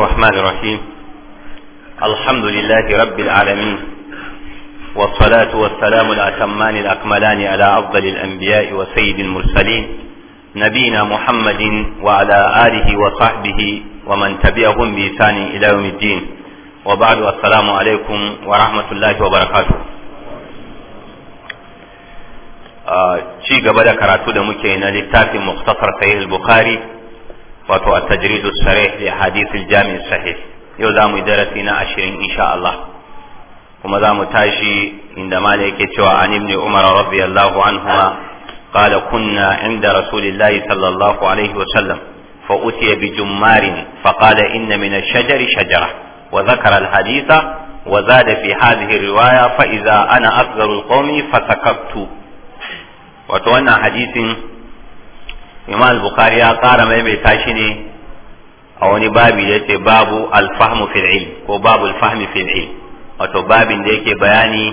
الرحمن الرحيم الحمد لله رب العالمين والصلاة والسلام الأتمان الأكملان على أفضل الأنبياء وسيد المرسلين نبينا محمد وعلى آله وصحبه ومن تبعهم بإحسان إلى يوم الدين وبعد السلام عليكم ورحمة الله وبركاته ci gaba da karatu da muke na littafin muktasar sahih al-bukhari wato a tajridu sarih li hadithil jami'i sahih yau za mu yi darasi na ashirin insha Allah kuma za mu tashi inda mala yake cewa an ibn umar radiyallahu anhuma qala kunna inda rasulillahi sallallahu alaihi wa sallam fa utiya bi jummarin fa qala inna min ash-shajari shajara wa dhakara al-haditha wa zada fi hadhihi riwaya fa idza ana asgharu al-qawmi fasakabtu wato wannan hadisin imam al-bukhari ya ƙara maimaita shi ne a wani babi da yake babu al-fahmu fil ilm ko babu al-fahmi fil ilm wato babin da yake bayani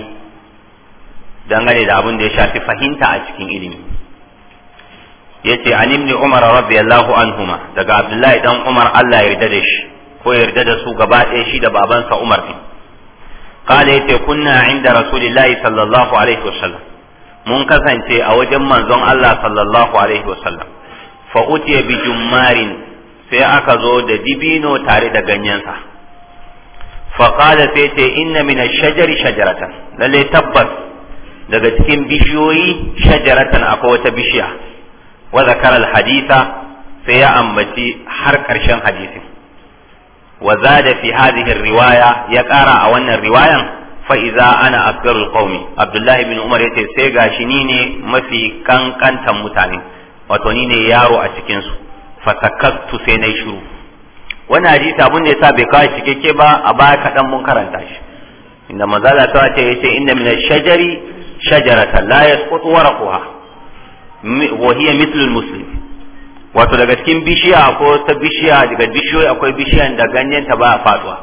dangane da abin da ya shafi fahimta a cikin ilimi yace an ibn umar radiyallahu anhuma daga abdullahi dan umar Allah ya yarda da shi ko yarda da su gaba ɗaya shi da babansa umar din قال يتي كنا عند رسول الله صلى الله عليه وسلم mun kasance a wajen manzon Allah sallallahu alaihi wasallam fa utiya bi jummarin sai aka zo da dibino tare da ganyensa fa qala sai ce inna min ash-shajari shajaratan lalle tabbas daga cikin bishiyoyi shajaratan akwai wata bishiya wa zakara al-haditha sai ya ambaci har karshen hadisin wa zada fi hadhihi riwaya ya kara a wannan riwayan fa'iza ana asgarul qaumi abdullahi bin umar yace sai gashi ni ne mafi kankantan mutane wato ni ne yaro a cikinsu su fa sai nayi shiru wani hadisi abun da sa bai kawo cikakke ba a baya kaɗan mun karanta shi inda manzala ta ce yace inna min ash-shajari shajaratan la yasqutu warquha wa hiya mithlu al-muslim wato daga cikin bishiya ko ta bishiya daga bishiyoyi akwai bishiyan da ganyen ta ba faduwa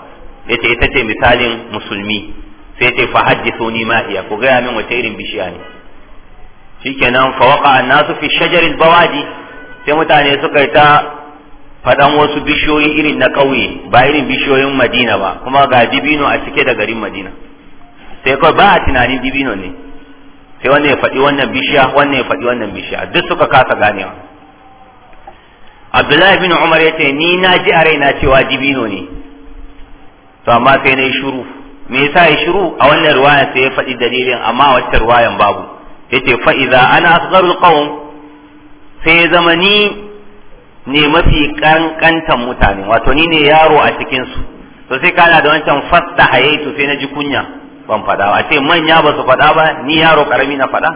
ce ita ce misalin musulmi sai ce fa hadithuni ma hiya ku gaya min wace irin bishiya ne shikenan fa waqa annasu fi shajaril bawadi sai mutane suka yi ta faɗan wasu bishiyoyi irin na kauye ba irin bishiyoyin madina ba kuma ga dibino a cike da garin madina sai kawai ba a tunanin dibino ne sai wannan ya faɗi wannan bishiya wannan ya faɗi wannan bishiya duk suka kasa ganewa abdullahi bin umar ya ce ni na ji a raina cewa dibino ne to amma sai na yi shuru me yasa ya shiru a wannan riwaya sai ya faɗi dalilin amma wacce ruwayan babu yace fa idza ana asgharul qawm sai zamani ne mafi kankantan mutane wato ni ne yaro a cikin su to sai kana da wancan fasta hayaitu sai na ji kunya ban fada a ce manya ba su faɗa ba ni yaro karami na faɗa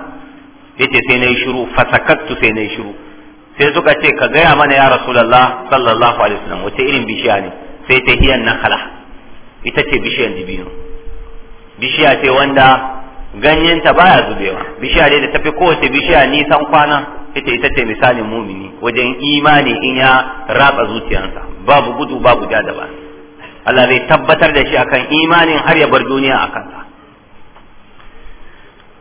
yace sai na yi shiru fasakattu sai na yi shiru sai suka ce ka gaya mana ya rasulullah sallallahu alaihi wasallam wace irin bishiya ne sai ta hiyan nakala ita ce bishiyan dibino bishiya ce wanda ganyenta baya zubewa bishiya dai da tafi kowace bishiya nisan kwana ita ita ce misalin mumini wajen imani in ya ratsa zuciyarsa babu gudu babu ja da Allah zai tabbatar da shi akan imanin har ya bar duniya a kansa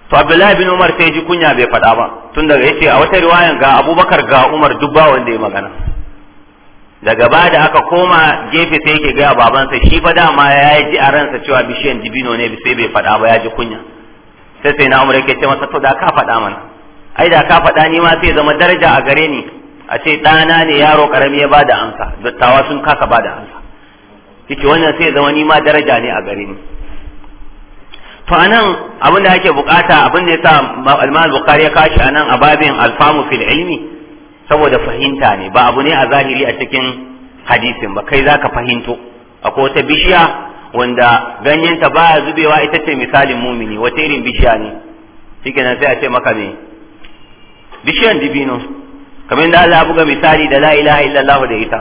to Abdullahi bin Umar sai ji kunya bai faɗa ba tun daga yace a wata riwayan ga Abubakar ga Umar duk ba wanda ya magana daga ba da aka koma gefe sai yake gaya babansa shi fa dama ya ji a ransa cewa bishiyan dibino ne sai bai faɗa ba ya ji kunya sai sai na umar yake ce masa to da ka faɗa mana ai da ka faɗa ni ma sai zama daraja a gare ni a ce ɗana ne yaro karami ya ba da amsa dattawa sun kasa da amsa kike wannan sai zama ni ma daraja ne a gare ni to anan abin da ake bukata abin da yasa al-Bukhari ya kashi anan a al-famu fil ilmi saboda fahimta ne ba abu ne a zahiri a cikin hadisin ba kai zaka fahimto akwai wata bishiya wanda ganyenta baya zubewa ita ce misalin mumini wata irin bishiya ne shikenan sai a ce maka me bishiyan dibino kamar da Allah buga misali da la ilaha illallah da ita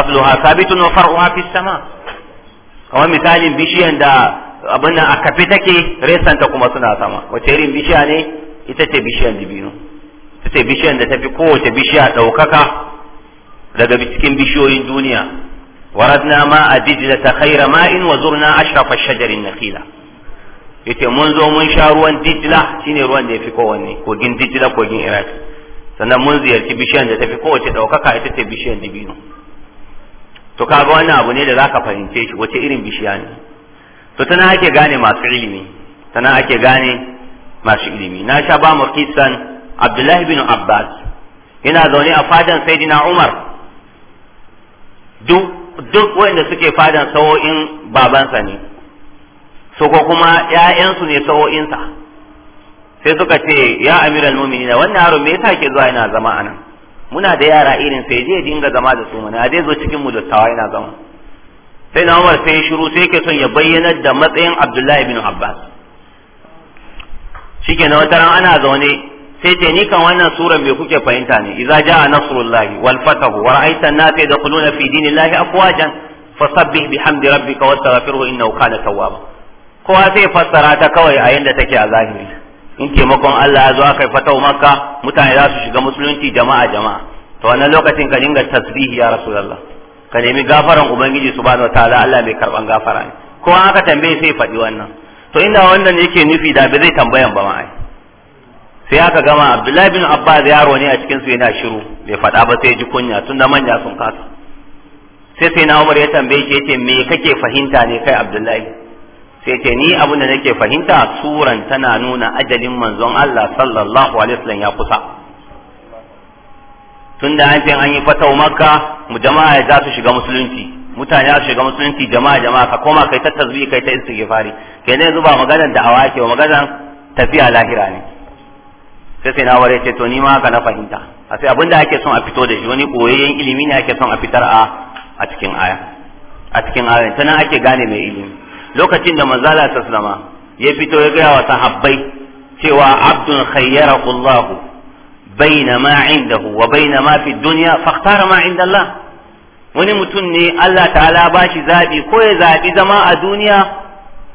asluha sabitun wa far'uha fis sama kamar misalin bishiyan da abin nan a kafe take resanta kuma suna sama wace irin bishiya ne ita ce bishiyan dibino ita ce bishiyar da tafi kowace bishiya ɗaukaka daga cikin bishiyoyin duniya waradna ma a dijila ta khaira ma'in wa zurna ashrafa shajarin nakila yace mun zo mun sha ruwan dijila shine ruwan da yafi kowanne kogin dijila kogin iraq sannan mun ziyarci bishiyar da tafi kowace ɗaukaka ita ce bishiyar dibino to kaga wannan abu ne da zaka fahimce shi wace irin bishiya ne to tana ake gane masu ilimi tana ake gane masu ilimi na sha ba mu kisan abdullahi bin abbas yana zaune a fadan sayyidina umar duk duk wanda suke fadan sawo'in babansa ne su ko kuma ‘ya'yansu ne sawo'insa sai suka ce ya mumini na wannan yaro me yasa ke zuwa yana zama anan muna da yara irin sai je dinga zama da su mana a zai zo cikin mu dattawa yana zama sai na umar sai shiru sai yake son ya bayyanar da matsayin abdullahi bin abbas na wata ana zaune sai ce ni kan wannan suran bai kuke fahimta ne idza jaa nasrullahi wal fatahu wa ra'aita an-nasa yadkhuluna fi dinillahi afwajan fasabbih bihamdi rabbika wastaghfirhu innahu kana tawwaba kowa sai fassara ta kawai a yanda take a zahiri in taimakon Allah ya zo aka fatahu makka mutane za su shiga musulunci jama'a jama'a to wannan lokacin ka dinga tasbihi ya rasulullah ka nemi gafaran ubangiji subhanahu wataala Allah mai karban gafara ne kowa aka tambaye sai faɗi wannan to inda wannan yake nufi da bai zai tambayan ba ma'ai sai aka gama abdullahi bin abbas yaro ne a cikinsu yana shiru bai faɗa ba sai ji kunya tun tunda manya sun kasa sai sai na umar ya tambaye shi yace me kake fahimta ne kai abdullahi sai ce ni abin da nake fahimta suran tana nuna ajalin manzon Allah sallallahu alaihi wasallam ya kusa tun da an ce an yi fatau makka mu jama'a za su shiga musulunci mutane za su shiga musulunci jama'a jama'a ka koma kai ta tasbih kai ta istighfari kenan yanzu ba maganar da awake ba maganar tafiya lahira ne sai sai na ya ce to ni ma haka na fahimta a sai abinda ake son a fito da shi wani koyayyen ilimi ne ake son a fitar a a cikin aya a cikin ayoyin ta nan ake gane mai ilimi lokacin da manzala ta sallama ya fito ya gaya wa sahabbai cewa abdun khayyarahu Allah baina ma indahu wa baina ma fi dunya fakhtara ma inda wani mutum ne Allah ta'ala ba shi zabi ko ya zabi zama a duniya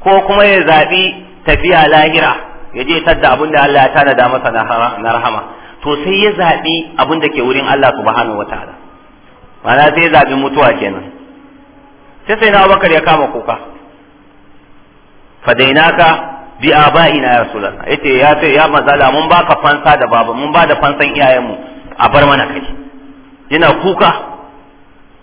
ko kuma ya zabi tafiya lahira ya je tadda abin da Allah ya tanada masa na rahama to sai ya zaɓi abin da ke wurin Allah subhanahu wataala ma'ana sai ya zaɓi mutuwa kenan sai sai na abakar ya kama kuka fadainaka bi aba'ina ya rasulullah yace ya ce ya mazala mun baka fansa da baba mun ba da fansan iyayenmu a bar mana kai yana kuka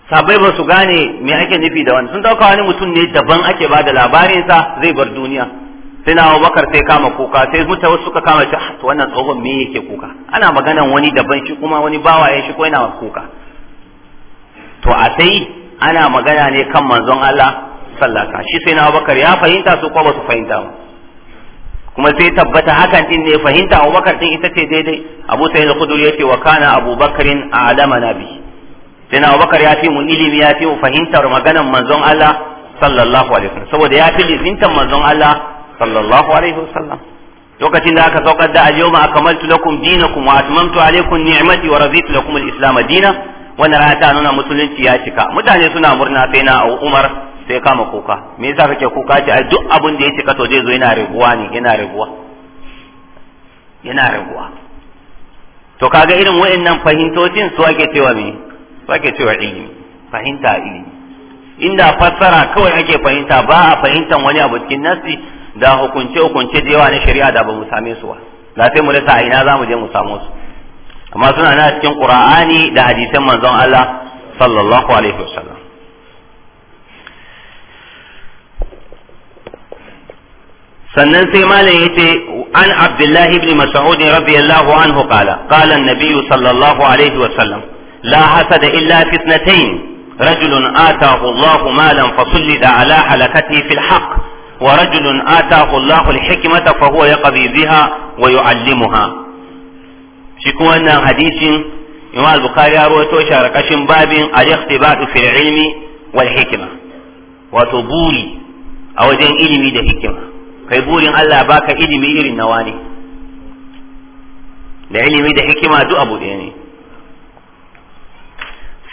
sabai ba su gane me ake nufi da wani sun dauka wani mutum ne daban ake ba da labarinsa zai bar duniya suna na bakar sai kama kuka sai muta wasu suka kama shi ah, to wannan tsohon me yake kuka ana maganan wani daban shi kuma wani bawa ya shi ko yana kuka to a sai ana magana ne kan manzon Allah sallaka shi sai na bakar ya fahimta su ko su fahimta ba kuma sai tabbata hakan din ne fahimta Abu Bakar din ita ce daidai Abu Sa'id al-Khudri yace wa kana Abu Bakrin a'lama nabi sai na Abu Bakar ya fi mu ilimi ya fi mu fahimtar maganan manzon Allah sallallahu alaihi wasallam saboda ya fi lizintan manzon Allah sallallahu alaihi wasallam lokacin da aka saukar da al-yawma akmaltu lakum dinakum wa atmamtu alaykum ni'mati wa raditu lakum al-islam dinan wannan rana ta nuna musulunci ya cika mutane suna murna sai na Umar sai kama kuka me yasa kake kuka ce ai duk abin da ya cika to zai zo yana raguwa ne yana raguwa yana raguwa to kaga irin wayannan fahimtocin su ake cewa me su ake cewa ilimi fahimta ilimi inda fassara kawai ake fahimta ba a fahimtan wani abu cikin nasi da hukunce hukunce da yawa na shari'a da ba mu same su ba da sai mu rasa a ina za mu je mu samu su amma suna na cikin qur'ani da hadisan manzon Allah sallallahu alaihi wasallam sannan sai malam yace an abdullah ibn mas'ud radiyallahu anhu qala qala an-nabiy sallallahu alaihi wasallam la hasada illa fitnatayn رجل آتاه الله مالا فصلد على حلكته في الحق wa rajulun atahu Allahu al-hikmata fa huwa yaqbi biha wa yu'allimuha shi kuma wannan hadisin Imam al-Bukhari ya rawaito shi a kashin babin al-ikhtibatu wato buri a wajen ilimi da hikima kai burin Allah baka ilimi irin na wani da ilimi da hikima duk abu ɗaya ne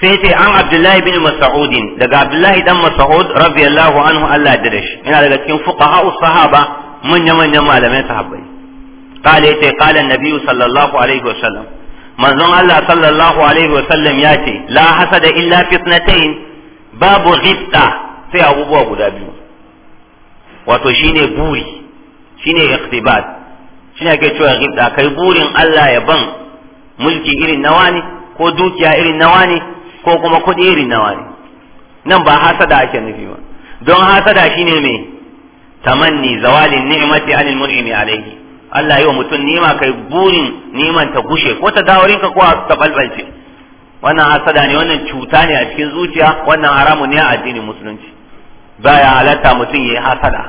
sai ce an abdullahi bin mas'udin daga abdullahi dan mas'ud radiyallahu anhu Allah ya ina shi yana daga cikin fuqaha sahaba manya manyan malamai sahabbai قال يتي قال النبي صلى الله عليه وسلم من ظن الله صلى الله عليه وسلم ياتي لا حسد إلا في اثنتين باب غبطة في أبو بو biyu. wato shine buri shine iqtibad shine ake cewa gibda kai burin Allah ya ban mulki irin nawa ne ko dukiya irin nawa ne ko kuma kuɗi irin nawa ne nan ba hasada ake nufi ba don hasada shine me tamanni zawalin ni'mati anil mu'mini alayhi Allah yi wa mutum nima kai burin niman ta gushe ko ta dawarin ka ko ta balbalce wannan hasada ne wannan cuta ne a cikin zuciya wannan haramu ne a addinin musulunci baya halatta mutum ya yi hasada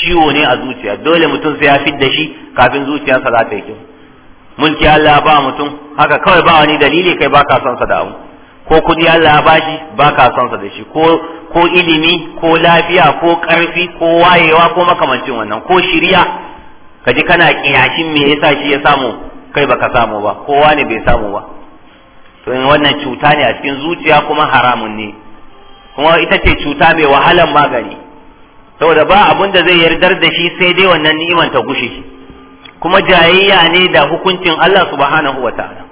ciwo ne a zuciya dole mutum sai ya da shi kafin zuciyarsa za ta yi kyau mulki Allah ba mutum haka kawai ba wani dalili kai ba ka son sa da ko kudi Allah ya bashi baka son sa da shi ko ko ilimi ko lafiya ko karfi ko wayewa ko makamancin wannan ko shiriya kaji kana kiyashin me yasa shi ya samu kai baka samu ba kowa ne bai samu ba to in wannan cuta ne a cikin zuciya kuma haramun ne kuma ita ce cuta mai wahalan magani saboda ba abun da zai yardar da shi sai dai wannan ni'iman ta gushe kuma jayayya ne da hukuncin Allah subhanahu wataala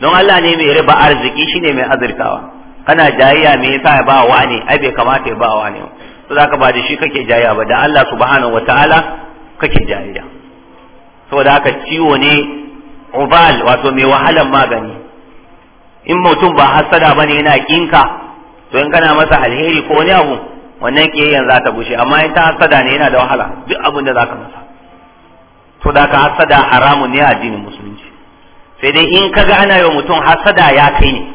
don Allah ne mai riba arziki shine mai azurtawa kana jayayya me yasa ya ba wa ne ai bai kamata ya ba wa ne to zaka ba da shi kake jayayya ba da Allah subhanahu wataala kake jayayya saboda haka ciwo ne ubal wato mai wahalan magani in mutum ba hasada bane yana kinka to in kana masa alheri ko wani abu wannan kiyayyan za ta bushe amma in ta hasada ne yana da wahala duk abin da zaka masa to da ka hasada haramun ne a addinin musulmi sai dai in kaga ana yi mutum hasada ya kai ne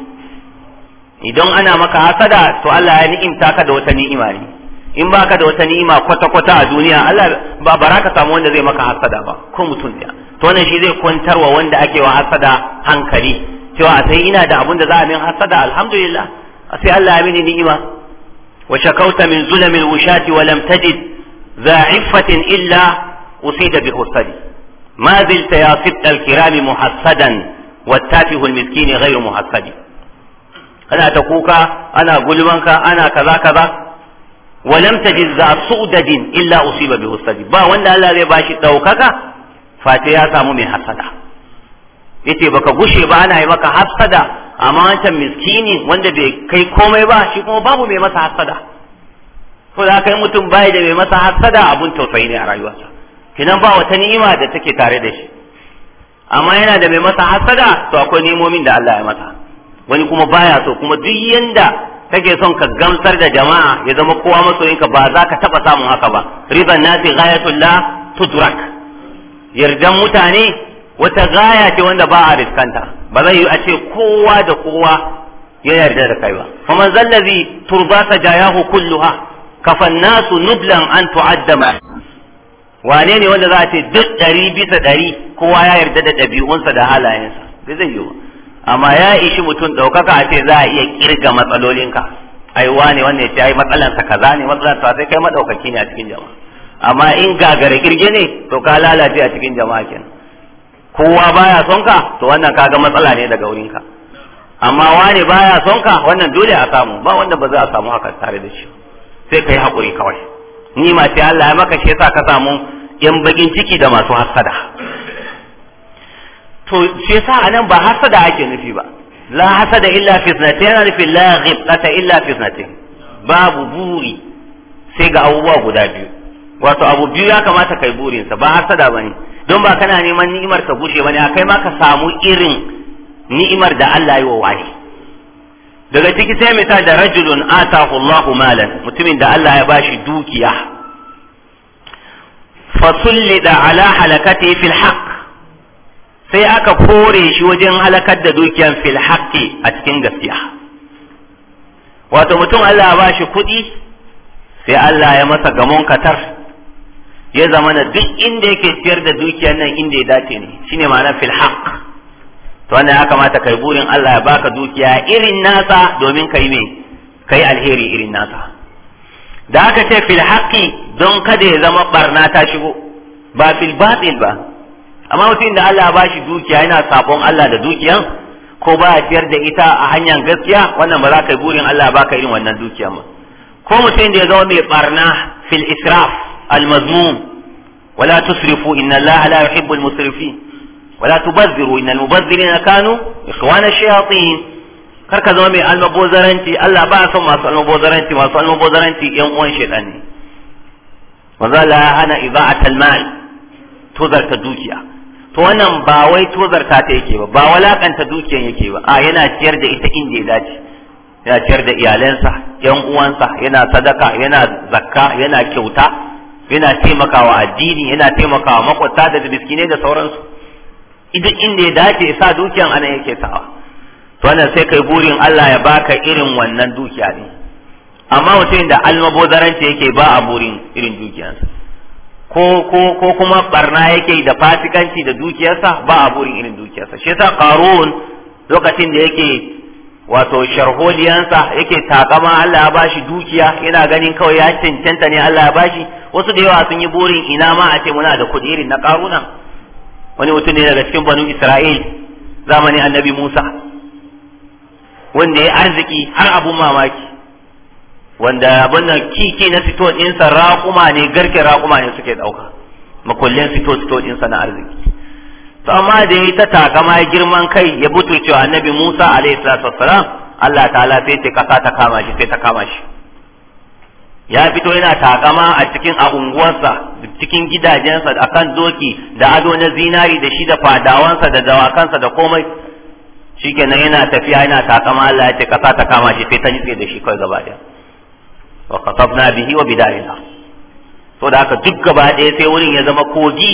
idan ana maka hasada to Allah ya ni'imta ka da wata ni'ima ne in ka da wata ni'ima kwata kwata a duniya Allah ba bara ka samu wanda zai maka hasada ba ko mutum da to wannan shi zai kwantarwa wanda ake wa hasada hankali cewa sai ina da abunda da za a min hasada alhamdulillah sai Allah ya mini ni'ima wa shakauta min zulamil wushati wa lam tajid za'ifatin illa usida bi husadi ما زلت يا صدق الكرام محسدا والتافه المسكين غير محسد أنا تقوكا أنا قلبنكا أنا كذا كذا ولم تجد ذا صؤدد إلا أصيب به السجد با وانا لا ذي باشي فاتيا سامو من حسدا yace baka gushe ba ana yi maka hasada amma wancan miskini wanda bai kai komai ba shi kuma babu mai masa hasada to da kai mutum baya da mai masa hasada abun tausayi ne a rayuwarsa kinan ba wata ni'ima da take tare da shi amma yana da mai masa hasada to akwai nimomin da Allah ya masa wani kuma baya so kuma duk yanda kake son ka gamsar da jama'a ya zama kowa masoyinka ba za ka taba samun haka ba riban nasi ghayatul la tudrak yardan mutane wata gaya ce wanda ba a riskanta ba zai yi a ce kowa da kowa ya yarda da kai ba faman zallazi turbasa jayahu kulluha kafan nasu nublan an tu'addama wane ne wanda za a ce duk ɗari bisa ɗari kowa ya yarda da ɗabi'unsa da halayensa bai zai yi ba amma ya ishi mutum ɗaukaka a ce za a iya ƙirga matsalolinka ai wane wanda ya ce matsalansa kaza ne matsalansa sai kai maɗaukaki ne a cikin jama'a amma in gagara kirge ne to ka lalace a cikin jama'a kenan kowa baya son ka to wannan kaga matsala ne daga wurin ka amma wani baya son ka wannan dole a samu ba wanda ba za a samu haka tare da shi sai kai haƙuri kawai Ni ma ce Allah ya maka shi yasa ka samu yan bakin ciki da masu hasada to shi yasa anan ba hasada ake nufi ba la hasada illa fi sunnati yana nufin la ghibta illa fi sunnati babu buri sai ga abubuwa guda biyu wato abu biyu ya kamata kai burinsa ba hasada bane don ba kana neman ni'imar ka gushe bane akai ma ka samu irin ni'imar da Allah ya yi wa wani daga ciki sai misal da rajulun atahu Allahu malan mutumin da Allah ya bashi dukiya fasullida ala halakati fil haqq sai aka kore shi wajen halakar da dukiyan fil haqqi a cikin gaskiya wato mutum Allah ya bashi kuɗi sai Allah ya masa gamon katar ya zama na duk inda yake ciyar da dukiyan nan inda ya dace ne shine ma'ana fil haqq wannan ya kamata kai burin Allah ya baka dukiya irin nasa domin kai me kai alheri irin nasa da aka ce fil haqqi don kada ya zama barna ta shigo ba fil batil ba amma mutum da Allah ya bashi dukiya yana sabon Allah da dukiyan ko ba ya ciyar da ita a hanyar gaskiya wannan ba za ka yi burin Allah ya baka irin wannan dukiyan ba ko mutum da ya zama mai barna fil israf al mazmum wala tusrifu inna Allah la yuhibbul musrifin wala tubazziru innal mubazzirina kanu ikhwana shayatin kar ka zama mai almabozaranci Allah ba son masu almabozaranci masu almabozaranci yan uwan shaytan ne maza la hana ida'atal mal tozarta dukiya to wannan ba wai tozarta ta yake ba ba walakanta dukiyan yake ba a yana ciyar da ita inda ya dace yana ciyar da iyalansa yan uwansa yana sadaka yana zakka yana kyauta yana taimakawa addini yana taimakawa makwata da miskinai da sauransu duk inda ya dace sa dukiyan ana yake sawa to wannan sai kai burin Allah ya baka irin wannan dukiya ne amma mutum da almabozaranci yake ba a burin irin dukiyansa ko ko ko kuma barna yake da fasikanci da dukiyarsa ba a burin irin dukiyarsa shi yasa qarun lokacin da yake wato sharholiyansa yake takama Allah ya bashi dukiya yana ganin kawai ya cancanta ne Allah ya bashi wasu da yawa sun yi burin ina ma a ce muna da kuɗi irin na karuna wani mutum ne daga cikin banu isra'il zamanin annabi musa wanda ya arziki har abun mamaki wanda abin nan kiki na sito ɗinsa raƙuma ne garke raƙuma ne suke ɗauka makullin sito sito ɗinsa na arziki to amma da ya ta takama girman kai ya butu cewa annabi musa alaihi salatu wassalam allah ta'ala sai ta kasa ta kama shi sai ta kama shi ya fito yana takama a cikin a unguwarsa cikin gidajensa akan doki da ado na zinari da shi da fadawansa da dawakansa da komai nan yana tafiya yana takama Allah ya ce kasa ta kama shi sai ta nitse da shi kai gaba ɗaya wa qasabna bihi wa bidariha to da haka duk gaba ɗaya sai wurin ya zama kogi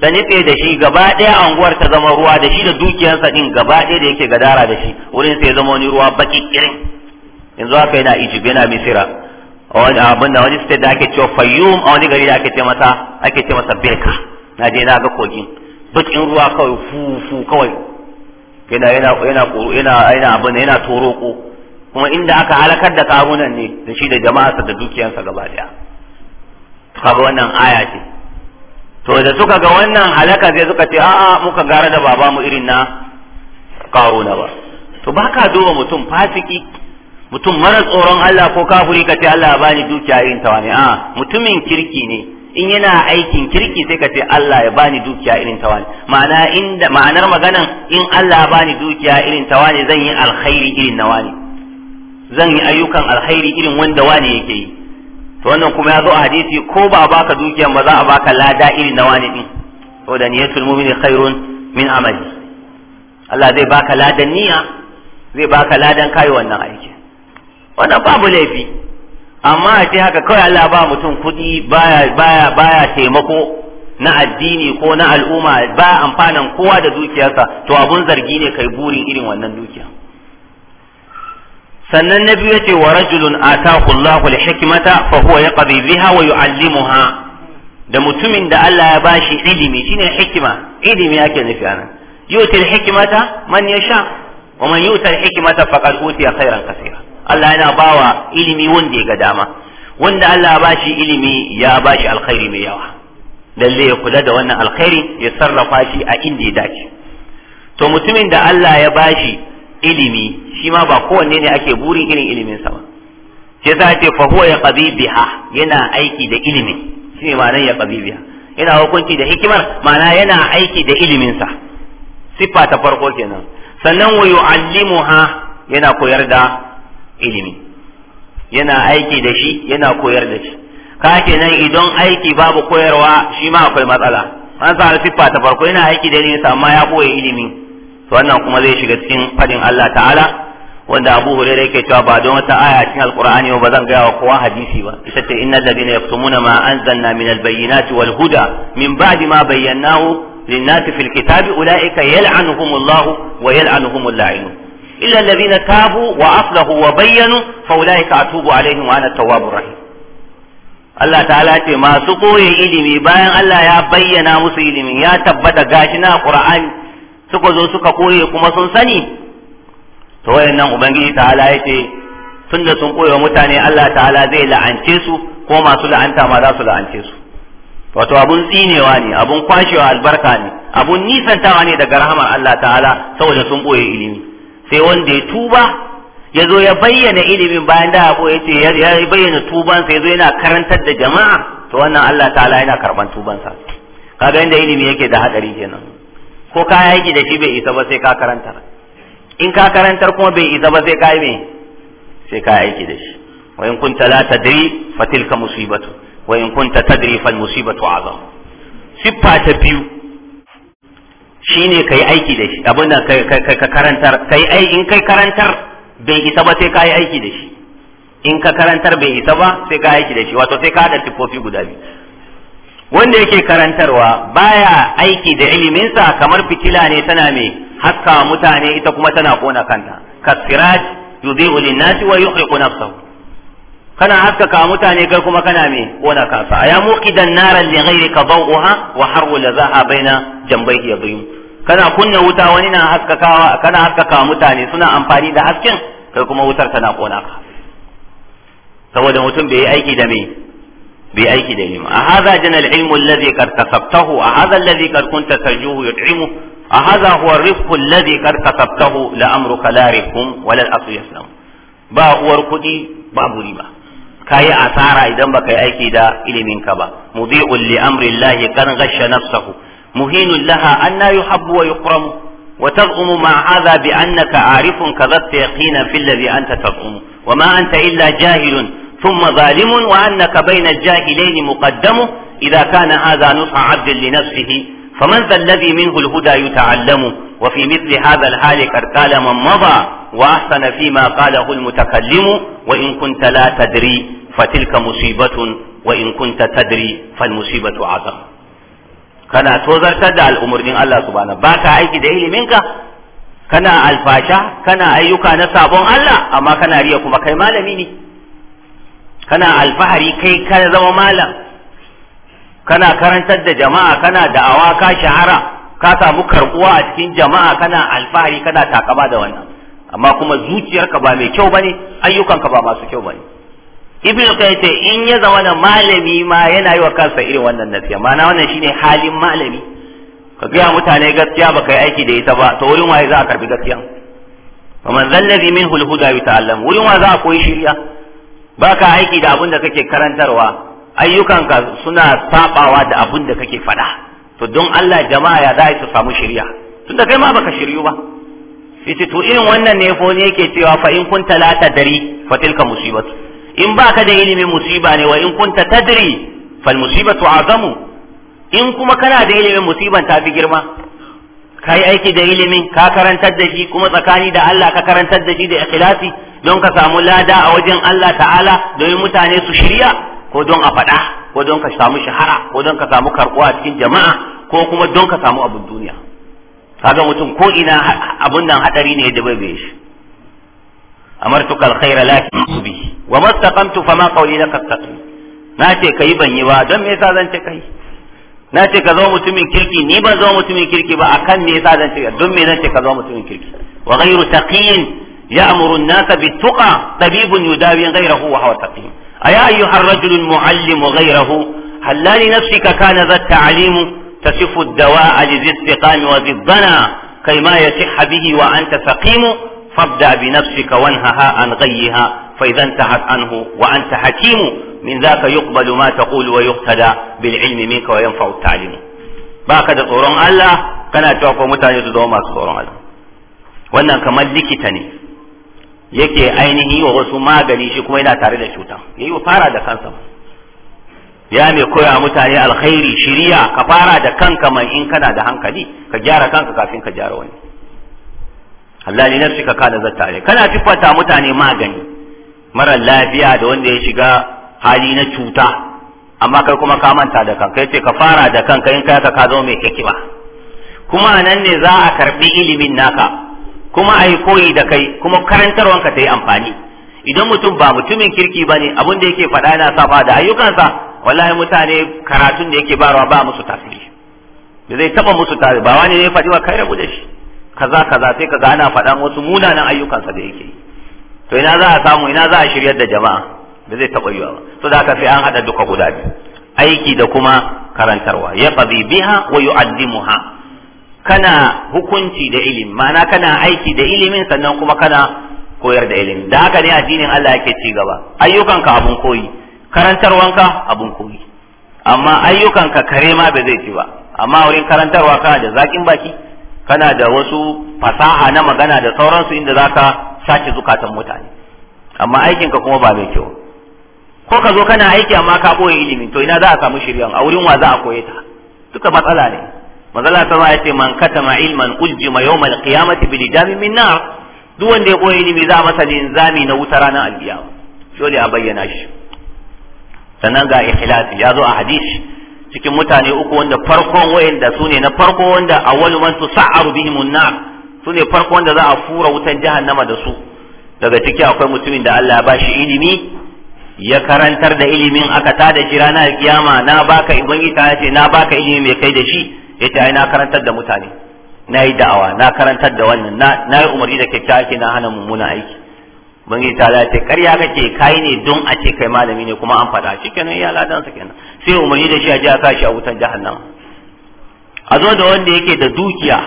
ta nitse da shi gaba ɗaya anguwar ta zama ruwa da shi da dukiyansa din gaba ɗaya da yake gadara da shi wurin sai ya zama wani ruwa baki irin yanzu haka yana ijibe yana Misira wani abin da wani state da ake cewa fayyum a wani gari da ake ce masa ake ce masa birka na je na ga kogin duk in ruwa kawai fufu kawai yana yana yana yana yana abin yana toroko kuma inda aka halakar da karunan ne da shi da jama'arsa da dukiyarsa gaba daya kaga wannan aya ce to da suka ga wannan halaka zai suka ce a'a muka gara da babamu irin na karuna ba to baka duba mutum fasiki mutum mara tsoron Allah ko kafuri ka ce Allah bani dukiya irin ta wani a ah, mutumin kirki ne in yana aikin kirki sai ka ce Allah ya bani dukiya irin ta wani ma'ana inda ma'anar maganan in Allah bani dukiya irin ta wani zan yi alkhairi irin na wani zan yi ayyukan alkhairi irin wanda wani yake yi to wannan kuma ya zo a hadisi ko ba baka dukiyan ba za a baka lada irin na wani din da niyatul mu'mini khairun min amali Allah zai baka ladan niyya zai baka ladan kai wannan aiki wannan babu laifi amma a ce haka kawai Allah ba mutum kuɗi baya baya baya taimako na addini ko na al'umma ba amfanan kowa da dukiyarsa to abun zargi ne kai burin irin wannan dukiya sannan na biyu yace wa rajulun atahu Allahu al-hikmata fa huwa yaqdi biha wa yu'allimuha da mutumin da Allah ya bashi ilimi shine hikima ilimi yake nufi anan yutil hikmata man yasha wa man yutil hikmata faqad utiya khairan kaseera Allah yana bawa ilimi wanda ya ga dama wanda Allah ba shi ilimi ya ba shi alkhairi mai yawa lalle ya kula da wannan alkhairi ya sarrafa shi a inda ya dace to mutumin da Allah ya ba shi ilimi shi ma ba kowanne ne ake burin irin ilimin sa ba sai za ce fa huwa yaqdi biha yana aiki da ilimi shine ma'anar yaqdi biha yana hukunci da hikimar ma'ana yana aiki da ilimin sa siffa ta farko kenan sannan wa yu'allimuha yana koyar da ilimi yana aiki da shi yana koyar da shi ka idan aiki babu koyarwa shi ma akwai matsala an sa alfifa ta farko yana aiki da ne amma ya koya ilimi to wannan kuma zai shiga cikin fadin Allah ta'ala wanda Abu Hurairah yake cewa ba don wata aya cikin Alqur'ani ba zan gaya wa kowa hadisi ba ita ce innal ladina yaktumuna ma anzalna min albayyinati wal huda min ba'di ma bayyanahu للناس في الكتاب أولئك يلعنهم الله ويلعنهم اللاعنون إلا الذين تابوا وأصلحوا وبينوا فأولئك أتوب عليهم وأنا التواب الرحيم Allah ta'ala ce masu koye ilimi bayan Allah ya bayyana musu ilimi ya tabbata gashi na Qur'ani suka zo suka koye kuma sun sani to wayannan ubangiji ta'ala ya ce tunda sun koye mutane Allah ta'ala zai la'ance su ko masu la'anta ma za su la'ance su wato abun tsinewa ne abun kwashewa albarka ne abun nisantawa ne daga rahamar Allah ta'ala saboda sun boye ilimi sai wanda ya tuba ya zo ya bayyana ilimin bayan da abu ya ce ya bayyana tubansa ya zo yana karantar da jama'a to wannan Allah ta'ala yana karban tubansa kaga inda ilimi yake da hadari kenan ko ka yaki da shi bai isa ba sai ka karantar in ka karantar kuma bai isa ba sai ka yi sai ka aiki da shi wa in kunta la tadri fa tilka musibatu wa in kunta tadri fal musibatu azam siffa ta biyu Shi ne ka yi aiki da shi abin da ka karantar kai ai in kai karantar bai isa ba sai ka yi aiki da shi in ka karantar bai isa ba sai ka yi aiki da shi wato sai ka da tifofi guda biyu wanda yake karantarwa baya aiki da iliminsa kamar fitila ne tana mai haska mutane ita kuma tana kona kanta kasirat yudhi'u lin-nasi wa yuhriqu nafsahu kana haskaka mutane kai kuma kana mai kona kansa ya muqidan naran li ghayrika dawuha wa harru lazaha baina jambayhi yadhim kana kunna wuta wani na haskakawa kana haskaka mutane suna amfani da hasken kai kuma wutar tana kona ka saboda mutum bai yi aiki da me bai aiki da ilimi a hadha janal ilmu alladhi qad kasabtahu a hadha alladhi qad kunta tarjuhu yut'imu a hadha huwa ar-rifqu alladhi qad kasabtahu la amruka la rifqum wala al-asu yaslam ba uwar kudi babu riba kayi asara idan baka yi aiki da ilimin ka ba mudi'un li amri allahi kan ghashsha nafsahu مهين لها أن يحب ويكرم وتضغم مع هذا بأنك عارف كذبت يقينا في الذي أنت تضغم وما أنت إلا جاهل ثم ظالم وأنك بين الجاهلين مقدم إذا كان هذا نصح عبد لنفسه فمن ذا الذي منه الهدى يتعلم وفي مثل هذا الحال كرتال من مضى وأحسن فيما قاله المتكلم وإن كنت لا تدري فتلك مصيبة وإن كنت تدري فالمصيبة عظم kana tozartar da al'umurnin Allah subhana ba ka aiki da iliminka kana alfasha kana ayyuka na sabon Allah amma kana riya kuma kai malami ne kana alfahari kai ka zama malam kana karantar da jama'a kana da'awa ka shahara ka samu karbuwa a cikin jama'a kana alfahari kana takama da wannan amma kuma zuciyarka ba mai kyau bane ayyukanka ba masu kyau bane ibnu kai ce in ya zama da malami ma yana yi wa kansa irin wannan nasiha ma'ana wannan shine halin malami ka gaya mutane gaskiya baka yi aiki da ita ba to wurin waye za a karbi gaskiya fa man zallazi minhu alhuda bi wurin wa za a koyi shiriya baka aiki da abin da kake karantarwa ayyukanka suna sabawa da abin da kake faɗa to don Allah jama'a ya za su samu shiriya tunda kai ma baka shiryu ba yace irin wannan ne fa ne yake cewa fa in kunta la tadri fa tilka musibatu in baka da ilimin musiba ne wa in kunta tadri fal musibatu azamu in kuma kana da ilimin musiban ta fi girma ka yi aiki da ilimin ka karantar da shi kuma tsakani da Allah ka karantar da shi da ikhlasi don ka samu lada a wajen Allah ta'ala domin mutane su shirya ko don a faɗa ko don ka samu shahara ko don ka samu karɓuwa a cikin jama'a ko kuma don ka samu abin duniya kaga mutum ko ina abun nan hadari ne da bai bai shi amartuka alkhaira lakin bi wa mastaqamtu fama qawli laka taqi na ce kai ban yi ba dan me yasa zan ce kai na ce ka zo mutumin kirki ni ban zo mutumin kirki ba akan me yasa zan ce dan me zan ce ka zo mutumin kirki wa ghayru taqin ya'muru an-nasa bit-tuqa tabibun yudawi ghayrahu wa huwa taqin aya taqiy أيا أيها الرجل المعلم غيره هل لا لنفسك كان ذا التعليم تصف الدواء لذي السقام وذي الضنا كي ما يصح به وأنت سقيم فابدأ بنفسك وانهها عن غيها فإذا انتهت عنه وأنت حكيم من ذاك يقبل ما تقول ويقتدى بالعلم منك وينفع التعليم باك da tsoron Allah kana cewa ko mutane su zama masu tsoron Allah wannan kamar likita ne yake ainihi wa wasu magani shi kuma yana tare da cuta ya yayi fara da kansa ya mai koya mutane alkhairi shiriya ka fara da kanka mai in kana da hankali ka gyara kanka kafin ka gyara wani halali ka kada zata ne kana tifata mutane magani mara lafiya da wanda ya shiga hali na cuta amma kai kuma ka manta da kanka yace ka fara da kanka in kai ka zama mai hikima kuma nan ne za a karbi ilimin naka kuma ai koyi da kai kuma karantarwanka ta yi amfani idan mutum ba mutumin kirki ba ne abin da yake faɗa yana safa da ayyukansa wallahi mutane karatun da yake barawa ba musu tasiri da zai taba musu tasiri ba wani ne ya faɗi wa kai rabu da shi kaza kaza sai kaga ana faɗan wasu munanan ayyukansa da yake to ina za a samu ina za a shiryar da jama'a da zai taɓa yiwa ba so da aka sai an haɗa duka guda biyu aiki da kuma karantarwa ya qadi biha wa yu'addimuha kana hukunci da ilimi ma'ana kana aiki da ilimin sannan kuma kana koyar da ilimi da haka ne addinin Allah yake ci gaba ayyukanka abun koyi karantarwanka abun koyi amma ayyukanka kare ma ba zai ci ba amma wurin karantarwa kana da zakin baki kana da wasu fasaha na magana da sauransu inda za zaka sace zukatan mutane amma aikin kuma ba mai kyau ko ka zo kana aiki amma ka boye ilimi to ina za a samu shirya a wurin wa za a koye ta duka matsala ne matsala ta ya ce man katama ilman uljima yawmal qiyamati bil jami min nar duk wanda ya boye ilimi za a masa linzami na wuta ranar alkiyama dole a bayyana shi sannan ga ikhlasi ya zo a hadisi cikin mutane uku wanda farkon wayanda ne na farko wanda a awwalu man tusa'aru bihim an su ne farko wanda za a fura wutan jahannama da su daga ciki akwai mutumin da Allah ya bashi ilimi ya karantar da ilimin aka ta da shi ranar kiyama na baka ubangiji ta ce na baka ilimi mai kai da shi yace ai na karantar da mutane na yi da'awa na karantar da wannan na yi umarni da kyakkyawa ke na hana mummuna aiki ubangiji ta ce karya kake kai ne don a ce kai malami ne kuma an faɗa shi kenan ya ladansa kenan sai umarni da shi a ji a sa shi a wutan jahannan a zo da wanda yake da dukiya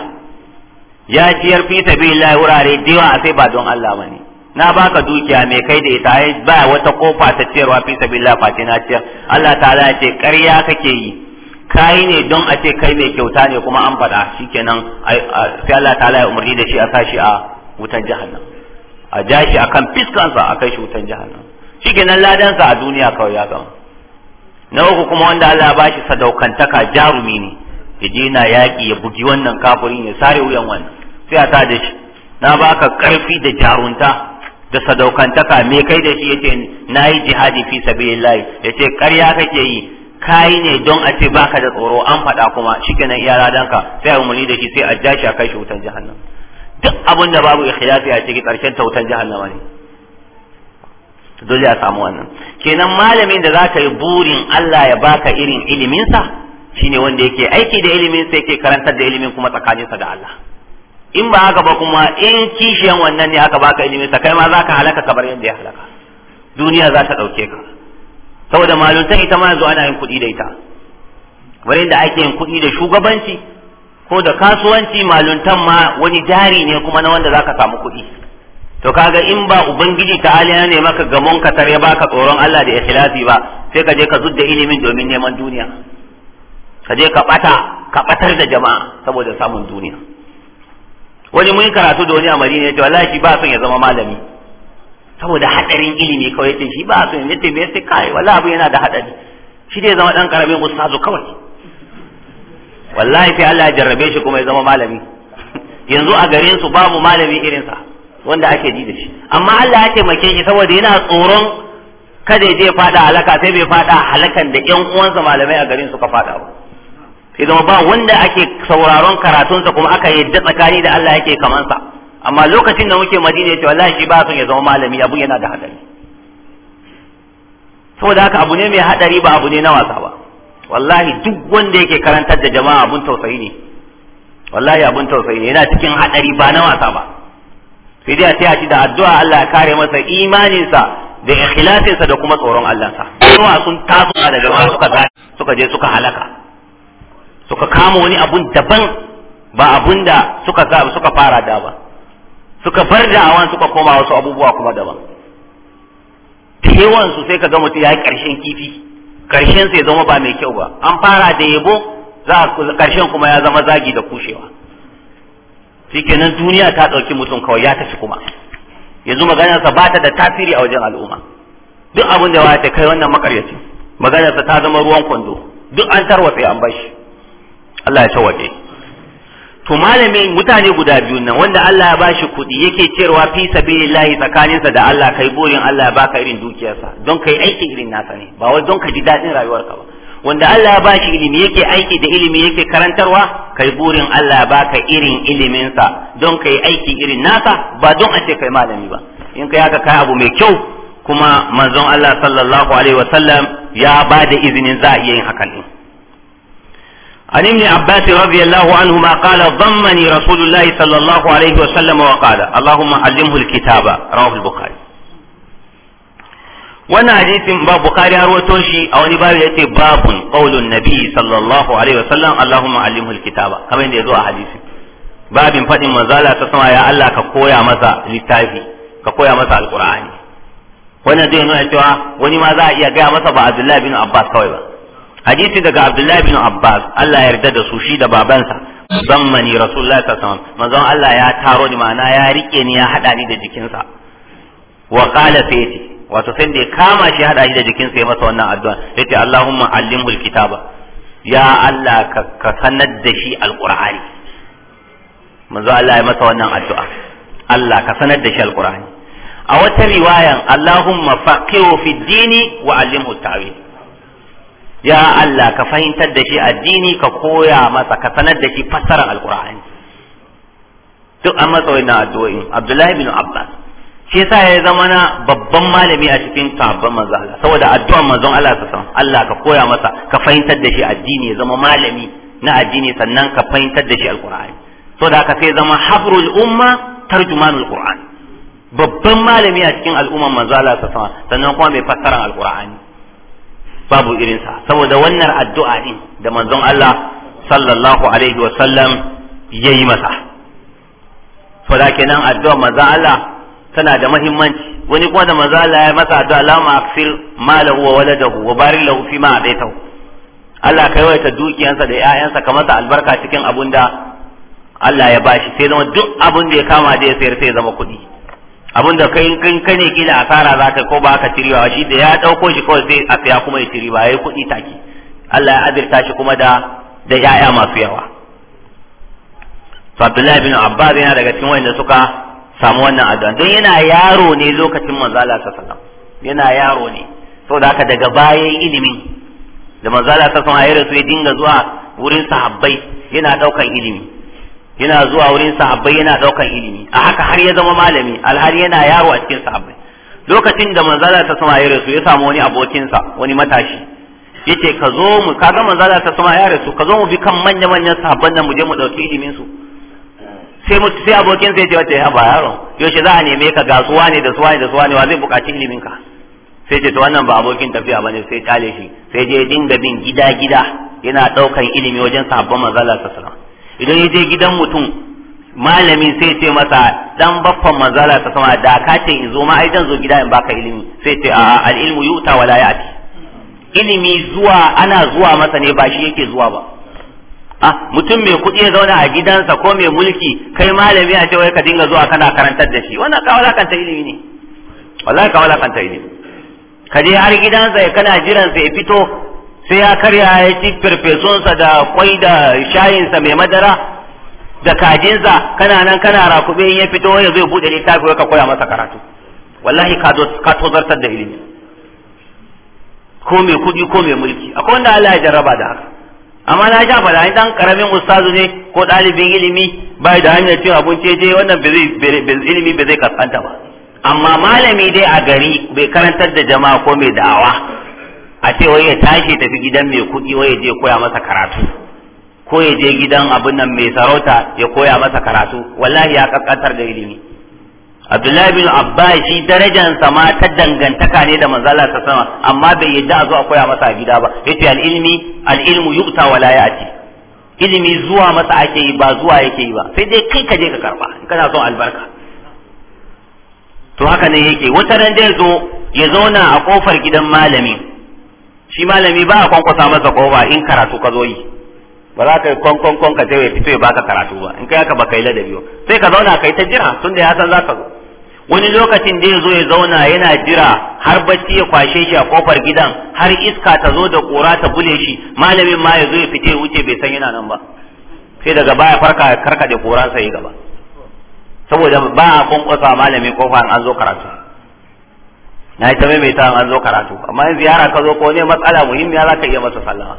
ya ciyar fi sabilillah wurare da yawa sai ba don Allah ne na baka dukiya mai kai da ita ai ba wata kofa ta ciyarwa fi sabilillah fati na ciyar Allah ta'ala ya ce karya kake yi kai ne don a ce kai mai kyauta ne kuma an faɗa shikenan sai Allah ta'ala ya umarni da shi a sa a wutan jahannan a ja shi a kan fiskansa a kai shi wutan jahannama shikenan ladansa a duniya kawai ya gama na uku kuma wanda Allah ya bashi sadaukantaka jarumi ne ya je na yaƙi ya bugi wannan kafirin ya sare wuyan wannan sai a da shi na baka karfi da jarunta da sadaukantaka me kai da shi yace na yi jihadi fi sabilillah yace ƙarya kake yi kayi ne don a ce baka da tsoro an faɗa kuma shikenan iya ladanka sai a umarni da shi sai a jashi a kai shi wutan jahannam duk abin da babu ikhlasi a cikin ƙarshen ta wutan jahannama ne dole a samu wannan kenan malamin da za ka yi burin Allah ya baka irin iliminsa shine wanda yake aiki da ilimin sa yake karantar da ilimin kuma tsakaninsa da Allah in ba haka ba kuma in kishiyan wannan ne aka baka ilimin sa kai ma za ka halaka kamar yadda ya halaka duniya za ta ɗauke ka saboda maluntan ita ma yanzu ana yin kuɗi da ita wani da ake yin kuɗi da shugabanci ko da kasuwanci maluntan ma wani jari ne kuma na wanda za ka samu kuɗi to kaga in ba ubangiji ta ya ne maka gamon katar ya baka tsoron Allah da ikhlasi ba sai ka je ka zudda ilimin domin neman duniya ka je ka bata ka batar da jama'a saboda samun duniya wani mun karatu da wani a Madina ya ce wallahi ba son ya zama malami saboda hadarin ilimi kawai yace shi ba son ya ce me sai kai wallahi abu yana da hadari shi dai zama dan karamin ustazu kawai wallahi sai Allah ya jarrabe shi kuma ya zama malami yanzu a garin su babu malami irinsa wanda ake ji da shi amma Allah ya taimake shi saboda yana tsoron kada ya je fada halaka sai bai fada halakan da ƴan uwansa malamai a garin suka fada ba sai zama ba wanda ake sauraron karatunsa kuma aka yadda tsakani da Allah yake kamansa amma lokacin da muke Madina ce wallahi shi ba son ya zama malami abu yana da hadari saboda haka abu ne mai hadari ba abu ne na wasa ba wallahi duk wanda yake karantar da jama'a abun tausayi ne wallahi abun tausayi ne yana cikin hadari ba na wasa ba sai dai a taya shi da addu'a Allah ya kare masa imaninsa da ikhlasinsa da kuma tsoron Allah sa kuma sun taso daga ma suka suka je suka halaka suka kama wani abun daban ba abun da suka suka fara da ba suka bar da awan suka koma wasu abubuwa kuma daban yawan su sai ka ga mutum ya yi karshen kifi karshen sai zama ba mai kyau ba an fara da yabo za karshen kuma ya zama zagi da kushewa shikenan duniya ta ɗauki mutum kawai ya tafi kuma yanzu maganarsa ba ta da tasiri a wajen al'umma duk abin da ya kai wannan makaryaci maganarsa ta zama ruwan kwando duk an tarwatsa an bashi Allah ya tawaje to malamin mutane guda biyu nan wanda Allah ya bashi kuɗi yake cewa fi sabilillahi tsakaninsa da Allah kai burin Allah ya baka irin dukiyarsa don kai aiki irin nasa ne ba wai don ka ji daɗin rayuwarka ba wanda Allah ba shi ilimi yake aiki da ilimi yake karantarwa kai burin Allah ba ka irin iliminsa don kai aiki irin nasa ba don a ce kai malami ba in kai haka kai abu mai kyau kuma manzon Allah sallallahu alaihi wasallam ya ba da izinin za a iya yin hakan din عن ابن عباس رضي الله عنهما قال ضمني رسول الله صلى الله عليه وسلم وقال اللهم علمه الكتاب رواه البخاري wannan hadisin ba bukari har wato shi a wani babu yace babun qaulun nabi sallallahu alaihi wasallam allahumma allimhu kitaba kamar yadda yazo a hadisi babin fadin manzala ta sama ya Allah ka koya masa littafi ka koya masa alqur'ani wannan zai nuna cewa wani ma za a iya gaya masa ba Abdullahi bin Abbas kawai ba hadisi daga Abdullahi bin Abbas Allah ya yarda da su shi da babansa zammani Rasulullahi sallallahu alaihi wasallam manzon Allah ya taro ni ma'ana ya rike ni ya hada ni da jikinsa wa qala fati wato sai da ya kama shi hada shi da jikin sai masa wannan addu'a yace Allahumma allimhu alkitaba ya Allah ka sanar da shi alqur'ani manzo Allah ya masa wannan addu'a Allah ka sanar da shi alqur'ani a wata riwayan Allahumma faqihu fi dini wa allimhu ta'wil ya Allah ka fahimtar da shi addini ka koya masa ka sanar da shi fassarar alqur'ani duk an matsa wannan addu'o'in Abdullahi bin Abbas shi yasa ya zama na babban malami a cikin sahabban manzo Allah saboda addu'ar manzon Allah ta san Allah ka koya masa ka fahimtar da shi addini ya zama malami na addini sannan ka fahimtar da shi alqur'ani saboda haka sai zama habrul umma tarjumanul qur'an babban malami a cikin al'umman manzo Allah ta san sannan kuma mai fassara alqur'ani babu irin sa saboda wannan addu'a din da manzon Allah sallallahu alaihi wa sallam yayi masa saboda kenan addu'ar manzon Allah tana da mahimmanci wani kuma da manzo Allah ya masa addu'a Allahumma ma lahu wa waladahu wa barik lahu fi ma ataitahu Allah ka yawaita dukiyansa da ƴaƴansa ka masa albarka cikin abun da Allah ya bashi sai zama duk abun da ya kama da ya sayar sai zama kuɗi abun da kai kin kane kila asara zaka ko ba ka ba shi da ya dauko shi kawai sai a saya kuma ya ciri ba yayi kuɗi take Allah ya azirta shi kuma da da ƴaƴa masu yawa Abdullahi bin Abbas yana daga cikin wanda suka samu wannan addu'a don yana yaro ne lokacin mazala ta sallam yana yaro ne da haka daga bayan ilimi da mazala ta sallam ayyar su ya dinga zuwa wurin sahabbai yana daukan ilimi yana zuwa wurin sahabbai yana daukan ilimi a haka har ya zama malami alhari yana yaro a cikin sahabbai lokacin da mazala ta sallam ayyar su ya samu wani abokinsa wani matashi yace ka zo mu ka ga mazala ta sallam ayyar su ka zo mu bi kan manya manyan sahabban nan mu je mu dauki ilimin su sai mutu sai abokin sai ce wata ya ba yaro yaushe za a neme ka ga suwa ne da suwa ne da suwa ne wa zai buƙaci ilimin ka sai ce to wannan ba abokin tafiya bane sai kale shi sai je dinga bin gida gida yana ɗaukan ilimi wajen sahabban manzo Allah sallallahu idan ya je gidan mutum malamin sai ce masa dan baffan manzo Allah sallallahu alaihi da ka ce in zo ma ai dan zo gida in baka ilimi sai ce a al ilmu yuta wala ya'ti ilimi zuwa ana zuwa masa ne ba shi yake zuwa ba ah mutum mai kuɗi ya zauna a gidansa ko mai mulki kai malami a ce wai ka dinga zuwa kana karantar da shi wannan ka walakanta ilimi ne wallahi ka walakanta ilimi ka je har gidansa ya kana jiran sa ya fito sai ya karya ya ci farfesunsa da kwai da shayinsa mai madara da kajinsa kana nan kana rakube in ya fito ya zai buɗe littafi ka koya masa karatu wallahi ka tozartar da ilimi ko mai kuɗi ko mai mulki akwai wanda Allah ya jarraba da haka amma na sha fada ɗan dan karamin ustazu ne ko dalibin ilimi bai da hanyar cin abinci je wannan ilimi bai zai kaskanta ba amma malami dai a gari bai karantar da jama'a ko mai da'awa a ce wai ya tashi tafi gidan mai kuɗi wai ya je koya masa karatu ko ya je gidan abin nan mai sarauta ya koya masa karatu wallahi ya kaskantar da ilimi Abdullahi bin Abbas shi darajansa ma ta dangantaka ne da manzala ta sama amma bai yadda a zo a koya masa a gida ba yace al-ilmi al-ilmu yu'ta wa la ya'ti ilimi zuwa masa ake yi ba zuwa yake yi ba sai dai kai ka je ka karba kana son albarka to haka ne yake wata ran dai zo ya zauna a kofar gidan malami shi malami ba a kwankwasa masa kofa in karatu ka zo yi ba za ka yi kwankwankwan ka je ya fito ya baka karatu ba in kai haka ba kai ladabi ba sai ka zauna kai ta jira tunda ya san za ka zo wani lokacin zai zo ya zauna yana jira har bacci ya kwashe shi a kofar gidan har iska ta zo da kura ta bule shi malamin ma ya zo ya fice wuce bai san yana nan ba sai daga baya farka da kura sai gaba saboda ba a kunkusa malami kofa an zo karatu na yi ta maimaita an zo karatu amma in ziyara ka zo ko ne matsala muhimmiya za ka iya masa sallama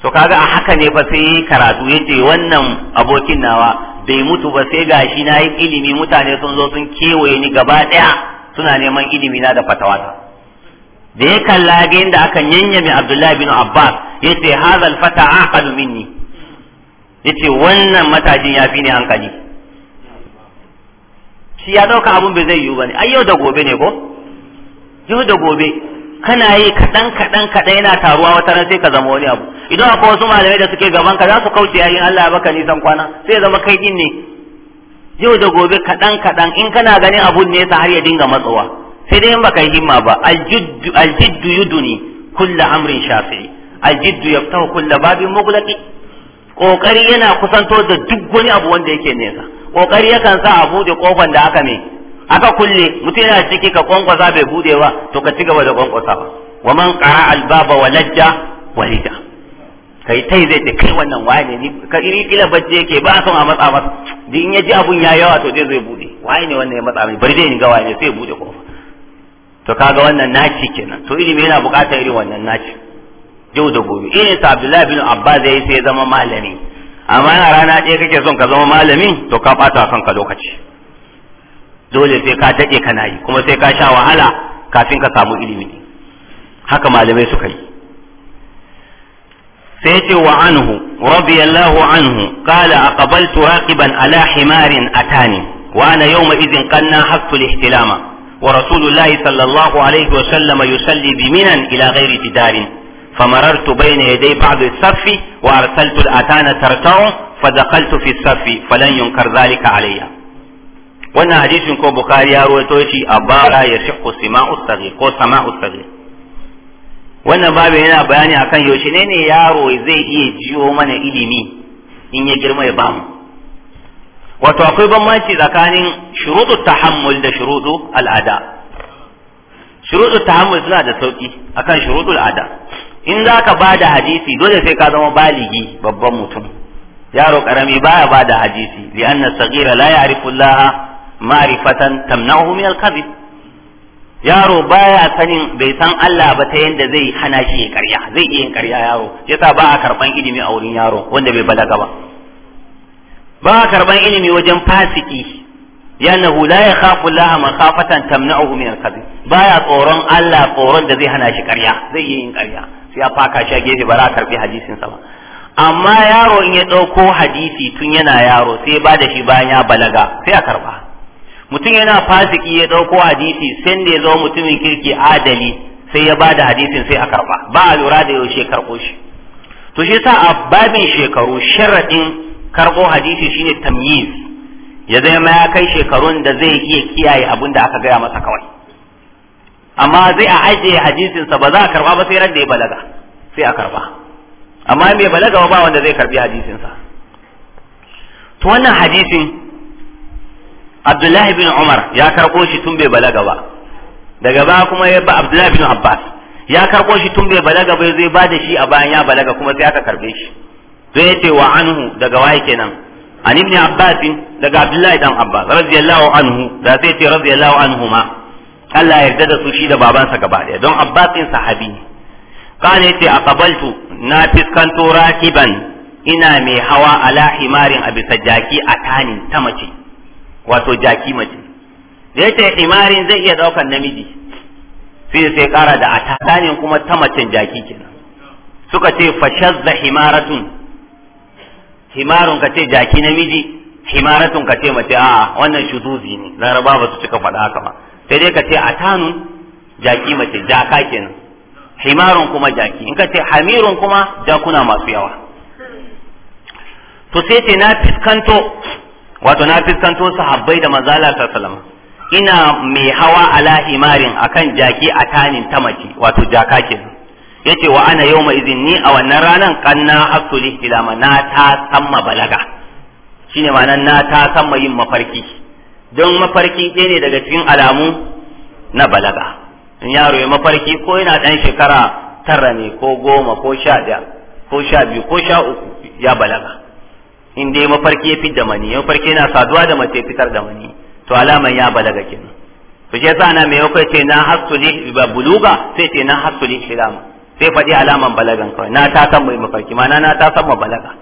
to kaga a haka ne fa sai karatu yace wannan abokin nawa bai mutu ba sai gashi na yi ilimi mutane sun zo sun kewaye ni gaba daya suna neman ilimi na da fatawa da ya kalla ga yadda aka yanyame Abdullahi bin Abbas yace hazal fata aqalu minni yace wannan matajin ya fi ni hankali shi ya dauka abun bai zai yiwu bane ai yau da gobe ne ko yau da gobe kana yi kaɗan kaɗan kaɗan yana taruwa wata ran sai ka zama wani abu idan akwai wasu malamai da suke gaban ka za su kauce yayin Allah ya baka nisan kwana sai ya zama kai din ne yau da gobe kaɗan kaɗan in kana ganin abun nesa har ya dinga matsowa sai dai in baka yi himma ba aljiddu yuduni kulla amrin shafi'i aljiddu yaftahu kulla babin mughlaqi kokari yana kusanto da duk wani abu wanda yake nesa kokari yakan sa a buɗe kofar da aka ne aka kulle mutum yana ciki ka kwankwasa bai bude ba to ka ci gaba da kwankwasa ba wa man qara al baba wa lajja walida kai tai zai ta kai wannan waye ne ka iri kila bacci yake ba son a matsa masa din in ya ji abun ya yawa to zai zai bude waye ne wannan ya matsa mai bari dai ni ga waye ne sai bude kofa to kaga wannan naci kenan to ilimi yana buƙatar irin wannan naci yau da gobe irin sa Abdullahi bin Abbas yayi sai ya zama malami amma yana rana ɗaya kake son ka zama malami to ka bata kanka ka lokaci dole sai ka daɗe kana yi kuma sai ka sha wahala kafin ka samu ilimi haka malamai suka yi sai ce wa anhu radiyallahu anhu qala aqbaltu raqiban ala himarin atani wa ana yawma idhin qanna haqqu ihtilama wa rasulullahi sallallahu alayhi wa sallam yusalli bi minan ila ghairi jidarin فمررت بين يدي بعض الصف وأرسلت الأتان ترتع فدخلت في الصف فلن ينكر ذلك عليّ wannan hadisin ko bukari ya rawaito shi a bara ya shiqu sima'u saghir ko sama'u saghir wannan babin yana bayani akan yaushe ne ne yaro zai iya jiyo mana ilimi in ya girma ya bamu wato akwai bambanci tsakanin shurutu tahammul da shurutu al'ada shurutu tahammul suna da sauki akan shurutu al'ada in za ka ba da hadisi dole sai ka zama baligi babban mutum yaro karami baya ba da hadisi li'anna saghira la ya'rifu ma'rifatan tamna'uhu min al-kadhib yaro baya sanin bai san Allah ba ta yanda zai hana shi karya zai iya yin karya yaro yasa ba a karban ilimi a wurin yaro wanda bai balaga ba ba a karban ilimi wajen fasiki hula ya yakhafu Allah khafatan tamna'uhu min al-kadhib baya tsoron Allah tsoron da zai hana shi karya zai iya yin karya sai ya faka shi a gefe ba za a karbi hadisin sa ba amma yaro in ya ɗauko hadisi tun yana yaro sai ba da shi bayan ya balaga sai a karba mutum yana fasiki ya dauko hadisi sai da ya zama mutumin kirki adali sai ya bada hadisin sai a karba ba a lura da yaushe karbo shi to shi yasa a babin shekaru sharadin karbo hadisi shine tamyiz ya zama ya kai shekarun da zai iya kiyaye abin da aka gaya masa kawai amma zai a ajiye hadisinsa ba za a karba ba sai ran da ya balaga sai a karba amma mai balaga ba wanda zai karbi hadisinsa to wannan hadisin Abdullahi bin Umar ya karɓo shi tun bai balaga ba daga ba kuma ya ba Abdullahi bin Abbas ya karɓo shi tun bai balaga ba zai ba da shi a bayan ya balaga kuma sai aka karɓe shi to ya ce wa anhu daga waye kenan an ibn Abbas daga Abdullahi dan Abbas radiyallahu anhu da sai ce radiyallahu anhu ma Allah ya yarda da su shi da babansa gaba ɗaya don Abbas din sahabi ne kana yace aqabaltu na fiskanto rakiban ina mai hawa ala himarin abi sajjaki atani ta mace wato jaki mace da yace imarin zai iya daukan namiji sai sai kara da atakanin kuma ta macen jaki kenan suka ce fashazza himaratun himarun ka ce jaki namiji himaratun ka ce mace a wannan shuduzi ne laraba ba su cika faɗa haka ba sai dai ka ce atanun jaki mace jaka kenan himarun kuma jaki in ka ce hamirun kuma jakuna masu yawa to sai ce na fiskanto wato na fiskanto sahabbai da manzala sallallahu ina mai hawa ala himarin akan jaki a tanin ta mace wato jaka ke yace wa ana yawma idin ni a wannan ranan kanna hasuli ma na ta samma balaga shine ma'ana na ta samma yin mafarki don mafarki ɗaya ne daga cikin alamu na balaga in yaro ya mafarki ko yana ɗan shekara tara ne ko goma ko sha ɗaya ko sha biyu ko sha uku ya balaga in dai mafarki ya da mani mafarki yana saduwa da mace fitar da mani to alaman ya balaga kenan to shi yasa ana mai yau ce na hasuli ba buluga sai ce na hasuli shirama sai faɗi alaman balagan kawai na ta san mai mafarki ma na ta san ma balaga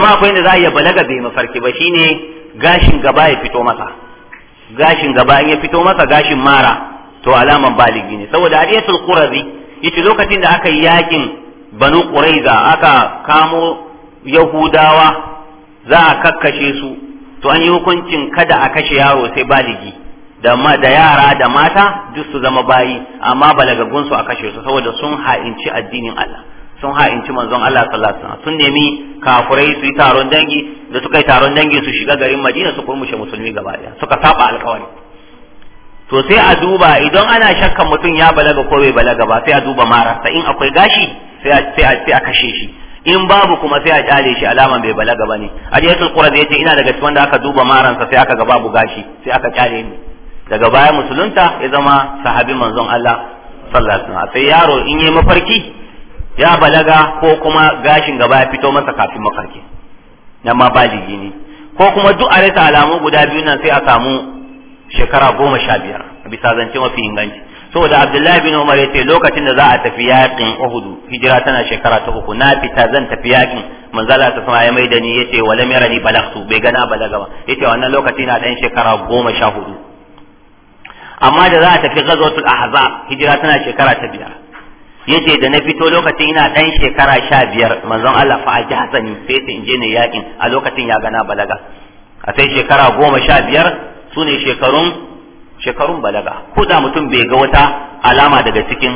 ma akwai inda za a iya balaga bai mafarki ba shine gashin gaba ya fito masa gashin gaba in ya fito masa gashin mara to alaman baligi ne saboda hadiyatul qurazi yace lokacin da aka yi yakin banu quraiza aka kamo yahudawa za a kakkashe su to an yi hukuncin kada a kashe yaro sai baligi da ma da yara da mata duk su zama bayi amma balagagun su a kashe su saboda sun ha'inci addinin Allah sun ha'inci manzon Allah sallallahu alaihi sun nemi kafurai su yi taron dangi da suka yi taron dangi su shiga garin Madina su kurmushe musulmi gaba daya suka saba alƙawari to sai a duba idan ana shakkan mutum ya balaga ko bai balaga ba sai a duba marasa in akwai gashi sai sai a kashe shi in babu kuma sai a kyale shi alaman bai balaga bane hadisul zai ce ina daga cikin wanda aka duba maransa sai aka ga babu gashi sai aka kyale ni daga baya musulunta ya zama sahabi manzon Allah sallallahu alaihi sai yaro in yi mafarki ya balaga ko kuma gashin gaba ya fito masa kafin mafarki nan ma baligi ne ko kuma duk a rasa alamu guda biyu nan sai a samu shekara goma sha biyar bisa zance mafi inganci da abdullahi bin umar ya ce lokacin da za a tafi yakin uhudu hijira tana shekara ta uku na fita zan tafi yaƙin manzala ta sama ya mai da ni yace ce walam yarani bai gana balaga ba yace wannan lokaci na dan shekara goma sha hudu amma da za a tafi ghazwatul ahzab hijira tana shekara ta biyar yace da na fito lokacin ina dan shekara sha biyar manzon Allah fa aji hasani sai ta je ne yaƙin a lokacin ya gana balaga a sai shekara goma sha biyar su ne shekarun shekarun balaga ko da mutum bai ga wata alama daga cikin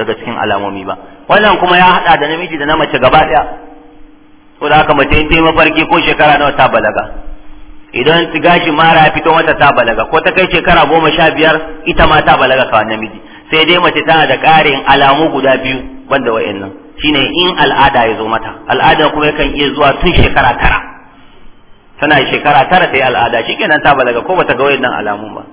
daga cikin alamomi ba wannan kuma ya hada da namiji da na mace gaba daya ko da aka mace in mafarki ko shekara nawa ta balaga idan gashi mara ya fito mata ta balaga ko ta kai shekara goma sha biyar ita ma ta balaga kawai namiji sai dai mace tana da ƙarin alamu guda biyu banda nan shine in al'ada ya zo mata al'ada kuma yakan iya zuwa tun shekara tara tana shekara tara ta yi al'ada kenan ta balaga ko bata ga wa'annan alamun ba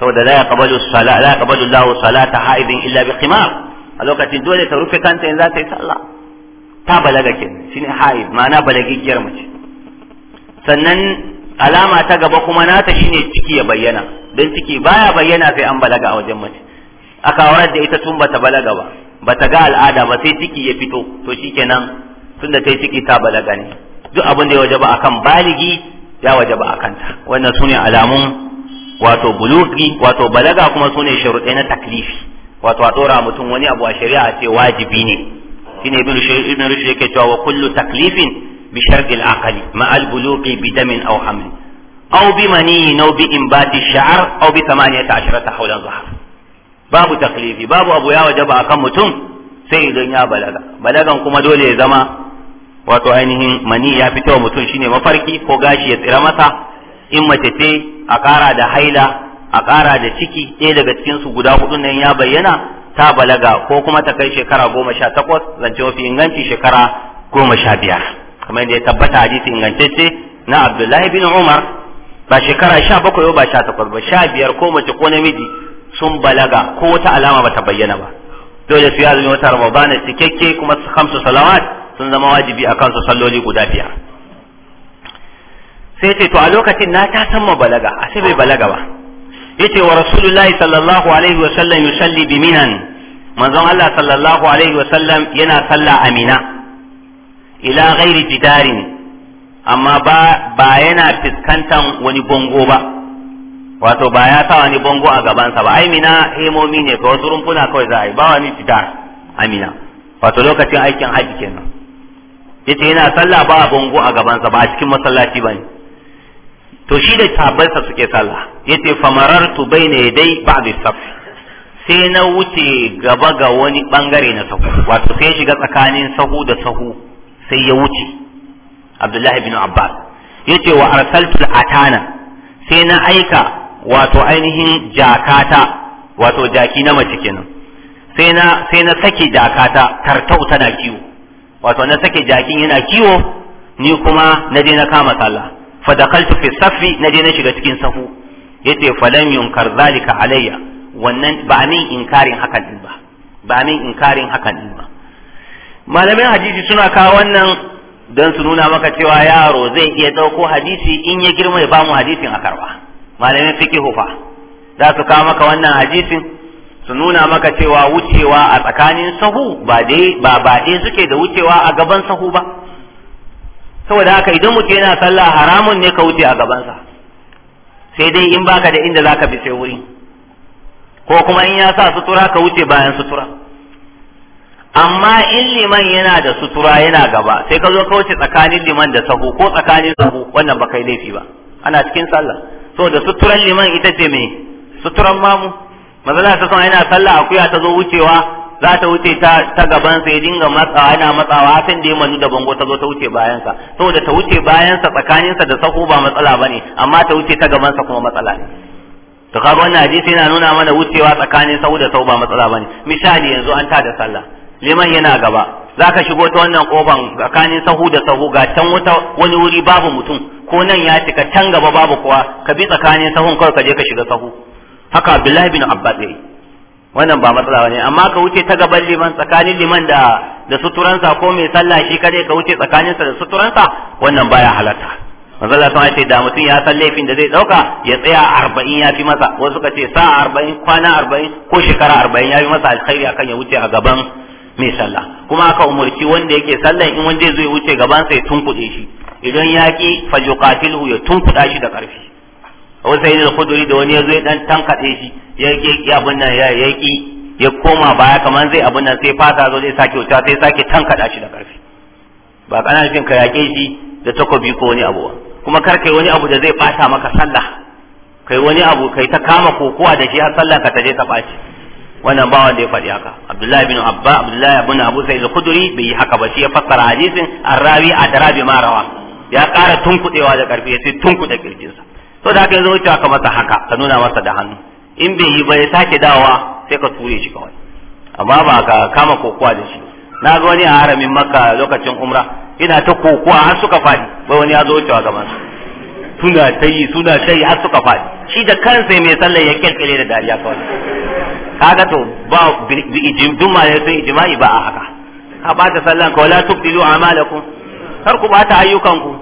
saboda la yaqbalu sala la yaqbalu Allahu salata haidin illa bi qimar a lokacin dole ta rufe kanta in za ta yi sallah ta balaga ke shine haid ma'ana balagigiyar mace sannan alama ta gaba kuma nata shine ciki ya bayyana don ciki baya bayyana sai an balaga a wajen mace aka horar da ita tun bata balaga ba bata ga al'ada ba sai ciki ya fito to shikenan tunda ta yi ciki ta balaga ne duk abin da ya ba akan baligi ya wajaba akan ta wannan sune alamun wato bulugi wato balaga kuma sune sharuɗai na taklifi wato a dora mutum wani abu a shari'a ce wajibi ne shine ibn ibn rushd yake cewa wa kullu taklifin bi sharti al-aqli ma al-bulugi bi damin aw haml aw bi mani aw bi imbati sha'r aw bi 18 hawlan zahar babu taklifi babu abu ya wajaba akan mutum sai idan ya balaga balagan kuma dole ya zama wato ainihin mani ya fito mutum shine mafarki ko gashi ya tsira masa in mace ce a kara da haila a kara da ciki ɗaya daga cikin su guda hudu nan ya bayyana ta balaga ko kuma ta kai shekara goma sha takwas zance mafi inganci shekara goma sha biyar kamar yadda ya tabbata hadisi ingantacce na abdullahi bin umar ba shekara sha bakwai ba sha takwas ba sha biyar ko mace ko namiji sun balaga ko wata alama bata bayyana ba dole su yi azumi wata ramadana cikakke kuma hamsu salawat sun zama wajibi a kansu salloli guda biyar sai ce to a lokacin na ta san balaga a sai bai balaga ba yace wa rasulullahi sallallahu alaihi wa sallam yusalli bi minan manzon Allah sallallahu alaihi wa sallam yana salla amina ila ghairi jidarin amma ba ba yana fiskantan wani bongo ba wato ba ya sa wani bongo a gabansa ba ai mina hemomi ne ga wasu rumfuna kawai za a yi ba wani jidar amina wato lokacin aikin haji kenan yace yana sallah ba bongo a gabansa ba a cikin masallaci ba ne. to shi da tabarsa suke sallah yace famarartu baina yadai ba'da saf sai na wuce gaba ga wani bangare na sahu wato sai shiga tsakanin sahu da sahu sai ya wuce Abdullahi bin Abbas yace wa arsaltu atana sai na aika wato ainihin jakata wato jaki na mace kenan sai na sai na sake jakata tartau tana kiwo wato na sake jakin yana kiwo ni kuma na je na kama sallah fa dakhaltu fi safi na je na shiga cikin sahu yace falam yunkar zalika alayya wannan ba min inkarin hakan din ba ba min inkarin hakan din ba malamin hadisi suna kawo wannan don su nuna maka cewa yaro zai iya dauko hadisi in ya girma ya bamu hadisin a karba malamin fiqihu fa za su kawo maka wannan hadisin su nuna maka cewa wucewa a tsakanin sahu ba dai ba ba dai suke da wucewa a gaban sahu ba saboda haka idan mutum yana sallah haramun ne ka wuce a gabansa sai dai in baka da inda zaka bi sai wuri ko kuma in ya sa sutura ka wuce bayan sutura amma in liman yana da sutura yana gaba sai ka zo ka wuce tsakanin liman da sahu ko tsakanin sahu wannan baka laifi ba ana cikin sallah saboda suturan liman ita ce me suturan mamu mazala ta son yana sallah akuya ta zo wucewa za ta wuce ta ta gaban sai ya dinga matsawa yana matsawa hakan da ya manu da bango ta zo ta wuce bayan sa saboda ta wuce bayan sa tsakanin sa da sahu ba matsala bane amma ta wuce ta gaban sa kuma matsala ne to kaga wannan hadisi yana nuna mana wucewa tsakanin sahu da sahu ba matsala bane misali yanzu an ta da sallah liman yana gaba zaka shigo ta wannan kofan tsakanin sahu da sahu ga can wuta wani wuri babu mutum ko nan ya cika can gaba babu kowa ka bi tsakanin sahun kawai ka je ka shiga sahu haka abdullahi bin abbas yayi wannan ba matsala bane amma ka wuce ta gaban liman tsakanin liman da da suturansa ko mai sallah shi kare ka wuce tsakaninsa da suturansa wannan baya halatta manzo Allah ce da mutum ya san laifin da zai dauka ya tsaya arba'in ya fi masa wasu suka ce sa arba'in kwana arba'in ko shekara arba'in ya fi masa alkhairi akan ya wuce a gaban mai sallah kuma aka umurci wanda yake sallah in wanda zai wuce gaban sai tunkuɗe shi idan ya ki fajuqatilhu ya tunkuɗa shi da ƙarfi Abu yin al da wani yazo ya dan tankade shi ya yake abin nan ya yaki ya koma baya kamar zai abin nan sai fata zo zai sake wuta sai sake tankada shi da karfi ba kana jin ka shi da takobi ko wani abu kuma kar kai wani abu da zai fata maka sallah kai wani abu kai ta kama kokowa da shi har sallah ka taje ta baci wannan ba wanda ya faɗi haka Abdullahi bin Abba Abdullahi bin Abu Sa'id al-Khudri bai yi haka ba shi ya fassara hadisin arabi adrabi ma rawa ya ƙara tunkuɗewa da ƙarfi ya ce tunkuɗe kirjinsa to da kai zo cewa ka masa haka ka nuna masa da hannu in bai yi ba ya sake dawa sai ka ture shi kawai amma ba ka kama kokowa da shi na ga wani a haramin makka lokacin umra ina ta kokowa har suka fadi bai wani ya zo wucewa ga masa suna ta yi suna ta yi har suka fadi shi da kansa mai sallar ya kirkire da dariya kawai kaga to ba duk ma sun ijimai ba a haka ka ta sallan ka wala tubdilu amalakum kar ku bata ayyukanku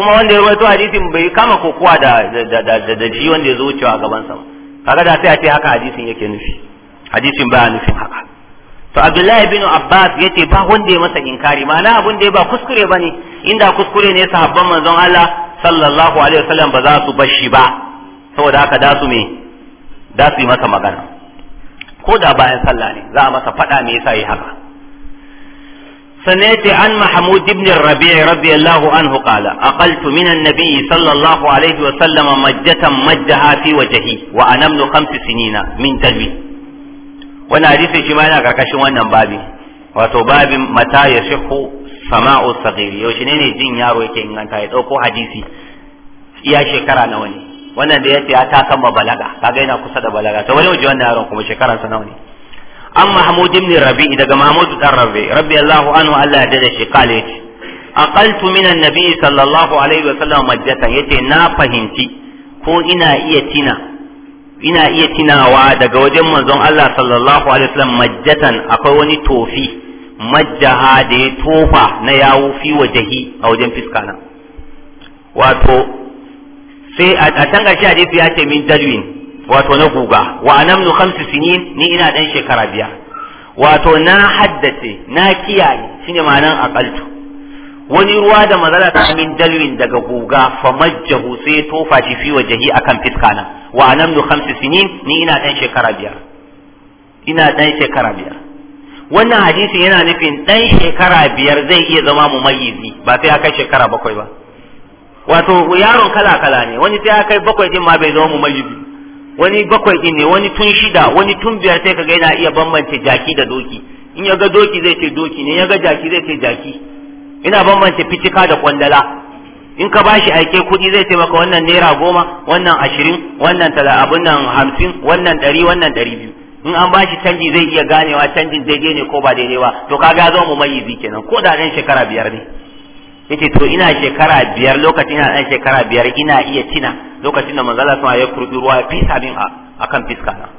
kuma wanda ya rawaito hadisin bai kama kokowa da da da ji wanda ya zo wucewa gaban sa kaga da sai a ce haka hadisin yake nufi hadisin ba nufin haka to Abdullahi bin Abbas yace ba wanda ya masa inkari ma'ana abun da ya ba kuskure bane inda kuskure ne sahabban manzon Allah sallallahu alaihi wasallam ba za su bashi ba saboda haka da su me da su yi masa magana ko da bayan sallah ne za a masa fada me yasa yi haka سنيت عن محمود بن الربيع رضي الله عنه قال أقلت من النبي صلى الله عليه وسلم مجة مجها في وجهي وأنا ابن خمس سنين من تلمي وانا حديث شمانا كركش وانا بابي wato babin mata ya shiku sama'u yaushe ne ne jin yaro yake inganta ya ɗauko hadisi iya shekara nawa ne wannan da ya ce ya ta kama balaga kaga yana kusa da balaga to wani waje wannan kuma shekaransa nawa an mahmud ibn rabi daga mahmud dan rabi rabbi allah anhu allah ya shi kale aqaltu min annabi sallallahu alaihi wa sallam majjatan yace na fahimci ko ina iya tina ina iya tinawa daga wajen manzon Allah sallallahu alaihi wa sallam majjatan akwai wani tofi majjaha da ya tofa na yawo fi wajahi a wajen fiska na wato sai a can gashi hadisi ya ce min dalwin wato na guga wa nu khamsu sinin ni ina dan shekara biya wato na haddace na kiyaye shine ma'anan aqaltu wani ruwa da mazala ta min dalwin daga guga majjahu sai tofa shi fi wajahi akan fiskana wa nu khamsu sinin ni ina dan shekara biyar ina dan shekara biya wannan hadisi yana nufin dan shekara biyar zai iya zama mumayyizi ba sai aka shekara bakwai ba wato yaron kala kala ne wani sai aka bakwai din ma bai zama mumayyizi wani bakwai din ne wani tun shida wani tun biyar sai kaga yana iya bambance jaki da doki in ya ga doki zai ce doki ne ya ga jaki zai ce jaki ina bambance fitika da kwandala in ka bashi aike kuɗi zai ce maka wannan naira goma wannan ashirin wannan tala abun nan hamsin wannan ɗari wannan ɗari biyu in an bashi canji zai iya ganewa canjin daidai ne ko ba daidai ba to kaga ya zama mumayyizi kenan ko da ɗan shekara biyar ne yace to ina shekara biyar lokacin ina dan shekara biyar ina iya tina lokacin da manzala sama ya kurbi ruwa ya fisa min a kan fiska na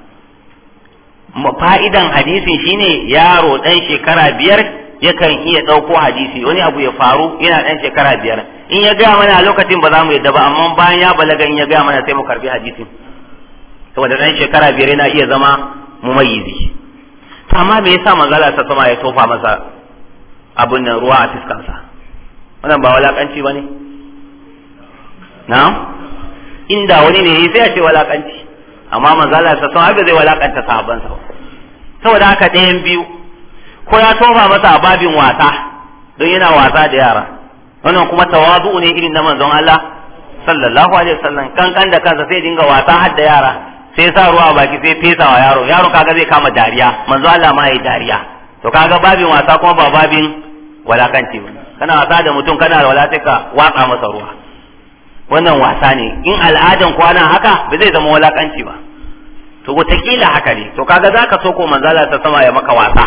fa'idan hadisin shine yaro dan shekara biyar yakan iya dauko hadisi wani abu ya faru ina dan shekara biyar in ya gaya mana lokacin ba za mu yadda ba amma bayan ya balaga in ya gaya mana sai mu karbi hadisin saboda dan shekara biyar yana iya zama mumayyizi amma me yasa manzala sama ya tofa masa abun nan ruwa a fiskansa wannan ba walakanci ba ne na'am inda wani ne sai ya ce walakanci amma manzo Allah sa sun haka zai walakanta sahabban sa saboda haka ɗayan biyu ko ya tofa masa babin wasa don yana wasa da yara wannan kuma tawazu ne irin na manzon Allah sallallahu alaihi wasallam kankan da kansa sai dinga wasa har da yara sai sa ruwa a baki sai fesa wa yaro yaro kaga zai kama dariya manzo Allah ma yi dariya to kaga babin wasa kuma ba babin walakanci ba kana wasa da mutum kana wala sai ka watsa masa ruwa wannan wasa ne in al'adan kwana haka ba zai zama walakanci ba to wataƙila haka ne to kaga zaka so ko manzala ta sama ya maka wasa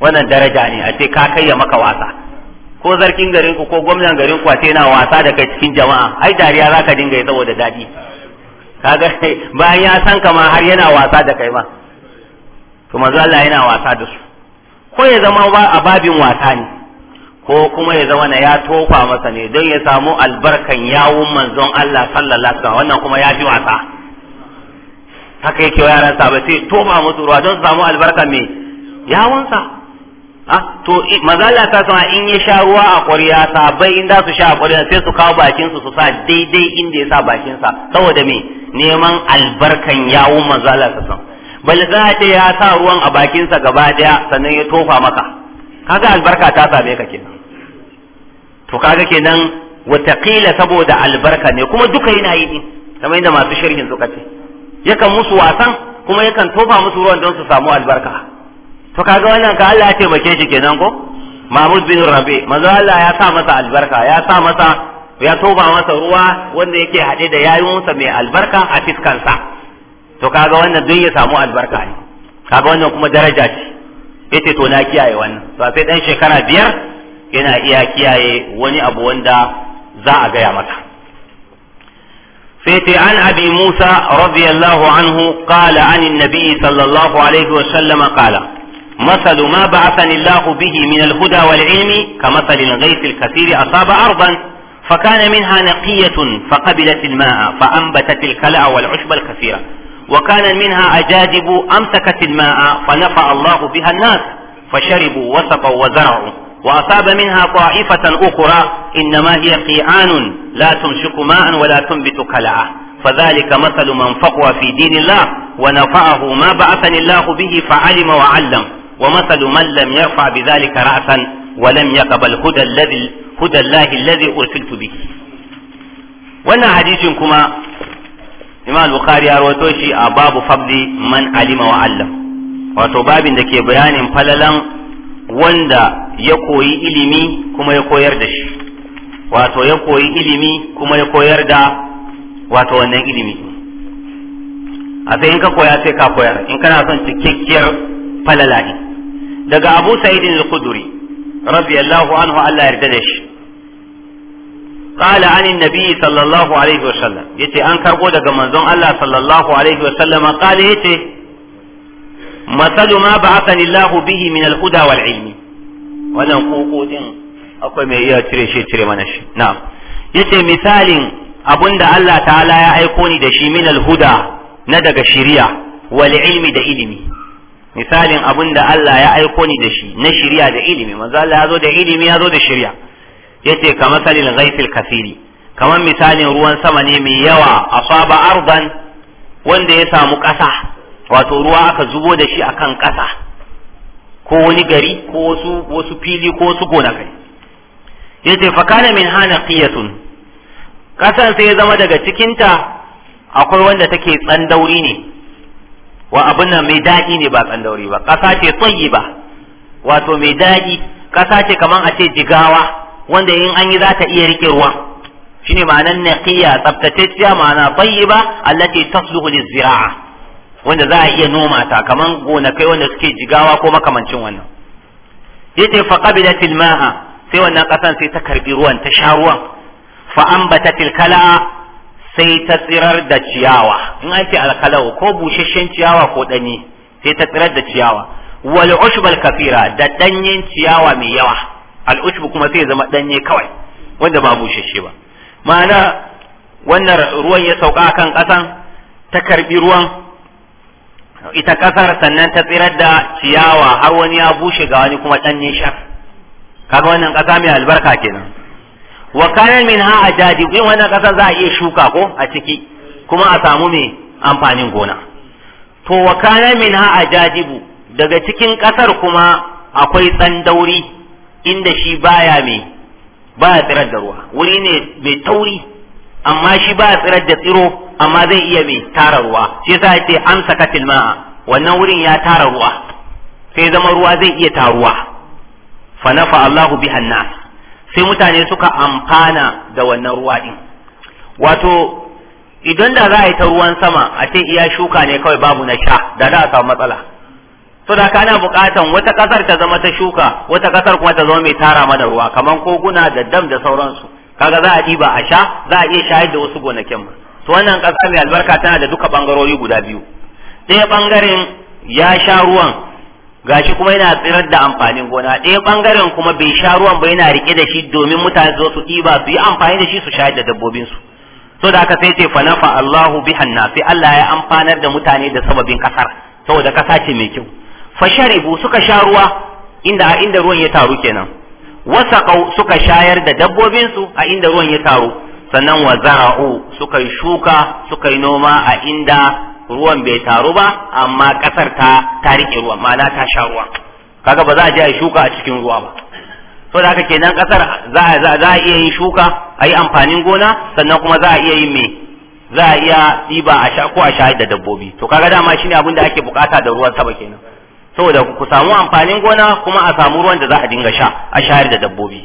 wannan daraja ne a ce ka kai ya maka wasa ko zarkin garin ku ko gwamnan garin ku a ce yana wasa da kai cikin jama'a ai dariya zaka dinga yi saboda daɗi kaga bayan ya san ka ma har yana wasa da kai ma to manzala yana wasa da su ko ya zama ba a babin wasa ne ko kuma ya zama na ya tofa masa ne don ya samu albarkan yawun manzon Allah sallallahu alaihi wannan kuma ya ji wasa haka yake yara sa ba sai tofa musu ruwa don su samu albarkan me sa a ah, to mazalla ta sama in ya sha ruwa a ƙwarya sabai in inda su sha a ƙwarya sai su kawo bakin su su sa daidai inda ya sa bakin sa saboda me neman albarkan yawun mazala ta sama balle za ya sa ruwan a bakin sa gaba daya sannan ya tofa maka kaga albarka ta same ka kenan to kaga kenan watakila saboda albarka ne kuma duka yana yi din kamar yadda masu sharhin suka ce yakan musu wasan kuma yakan tofa musu ruwan don su samu albarka to kaga wannan ka Allah ya taimake shi kenan ko Mahmud bin Rabi manzo Allah ya sa masa albarka ya sa masa ya toba masa ruwa wanda yake haɗe da yayunsa mai albarka a fiskansa to kaga wannan duk ya samu albarka ne kaga wannan kuma daraja ce yace to na kiyaye wannan to sai dan shekara biyar yana iya kiyaye wani abu wanda za a gaya mata sai an abi musa radiyallahu anhu qala an annabi sallallahu alaihi wa sallam qala مثل ما بعثني الله به من الهدى والعلم كمثل الغيث الكثير أصاب أرضا فكان منها نقية فقبلت الماء فأنبتت الكلأ والعشب الكثيرة وكان منها أجاذب أمسكت الماء فنفع الله بها الناس فشربوا وسقوا وزرعوا وأصاب منها طائفة أخرى إنما هي قيعان لا تمسك ماء ولا تنبت كلعة فذلك مثل من فقه في دين الله ونفعه ما بعثني الله به فعلم وعلم ومثل من لم يرفع بذلك رأسا ولم يقبل هدى الذي هدى الله الذي أرسلت به. وانا حديث كما imam al-bukhari ya rawaito shi a babu fadli man alima wa allam wato babin da ke bayanin falalan wanda ya koyi ilimi kuma ya koyar da shi wato ya koyi ilimi kuma ya koyar da wato wannan ilimi a sai in ka koya sai ka koyar in kana son cikakkiyar falala ne daga abu sa'idin al-khudri radiyallahu anhu Allah yarda da shi قال عن النبي صلى الله عليه وسلم يتي أن كربو دقا منزون الله صلى الله عليه وسلم قال يتي مثل ما بعثني الله به من الهدى والعلم وانا قوقو دين أقوى ما إياه تري شي تري منش نعم يتي مثال أبن الله تعالى يا أيقوني دشي من الهدى ندق شريع والعلم دا إلمي misalin abin da Allah ya aiko ni da shi na shirya da ilimi manzo Allah ya zo da ilimi ya zo da shirya yace ka masalil ghaifil kafiri kamar misalin ruwan sama ne mai yawa asaba ardan wanda ya samu ƙasa wato ruwa aka zubo da shi akan ƙasa ko wani gari ko wasu wasu fili ko wasu gonakai yace fa kana min hana qiyatun kasan sai ya zama daga cikinta akwai wanda take tsandauri ne wa abin nan mai daɗi ne ba tsandauri ba ƙasa ce tsayi ba wato mai daɗi ƙasa ce kamar a ce jigawa wanda in an yi za ta iya rike ruwa shine ma'anan naqiya tsaftatacciya ma'ana tayyiba allati tasluhu ziraa wanda za a iya noma ta kaman gonakai wanda suke jigawa ko makamancin wannan yace fa qabilatil ma'a sai wannan kasan sai ta karbi ruwan ta sha ruwan fa ambatatil kala'a sai ta tsirar da ciyawa in an ce alkalau ko busasshen ciyawa ko danye sai ta tsirar da ciyawa wal ushbal kafira da danyen ciyawa mai yawa al'ushbu kuma sai ya zama danye kawai wanda ba shi ba ma'ana wannan ruwan ya sauka kan kasan ta karbi ruwan ita kasar sannan ta tsirar da ciyawa har wani ya bushe ga wani kuma danye shar kaga wannan kasa mai albarka kenan wa kana min ha ajadi in wannan kasa za a iya shuka ko a ciki kuma a samu mai amfanin gona to wa kana min ha ajadibu daga cikin kasar kuma akwai tsandauri inda shi baya mai baya tsirar da ruwa wuri ne mai tauri amma shi ba tsirar da tsiro amma zai iya mai tara ruwa shi yasa yace an sakatil ma'a wannan wurin ya tara ruwa sai zama ruwa zai iya taruwa fa nafa Allahu biha nas sai mutane suka amfana da wannan ruwa din wato idan da za a yi ta ruwan sama a ce iya shuka ne kawai babu na sha da za a samu matsala to da kana bukatan wata kasar ta zama ta shuka wata kasar kuma ta zama mai tara mana ruwa kaman koguna da dam da sauransu kaga za a diba a sha za a iya shayar da wasu gonakin mu to wannan kasa mai albarka tana da duka bangarori guda biyu ɗaya bangaren ya sha ruwan gashi kuma yana tsirar da amfanin gona ɗaya bangaren kuma bai sha ruwan ba yana rike da shi domin mutane su su diba su yi amfani da shi su shayar da dabbobin su so da aka sai ce fa nafa Allahu bihan sai Allah ya amfanar da mutane da sababin kasar saboda kasa ce mai kyau fasharibu suka sha ruwa inda a inda ruwan ya taru kenan wasaqau suka shayar da dabbobinsu a inda ruwan ya taru sannan wa zara'u suka yi shuka suka yi noma a inda ruwan bai taru ba amma kasar ta ta rike ruwan ma'ana ta sha ruwa kaga ba za a je a shuka a cikin ruwa ba so da haka kenan kasar za a iya yin shuka a yi amfanin gona sannan kuma za a iya yin me za a iya ɗiba a sha ko a shayar da dabbobi to kaga dama shine abin da ake bukata da ruwan saba kenan saboda ku samu amfanin gona kuma a samu ruwan da za a dinga sha a shayar da dabbobi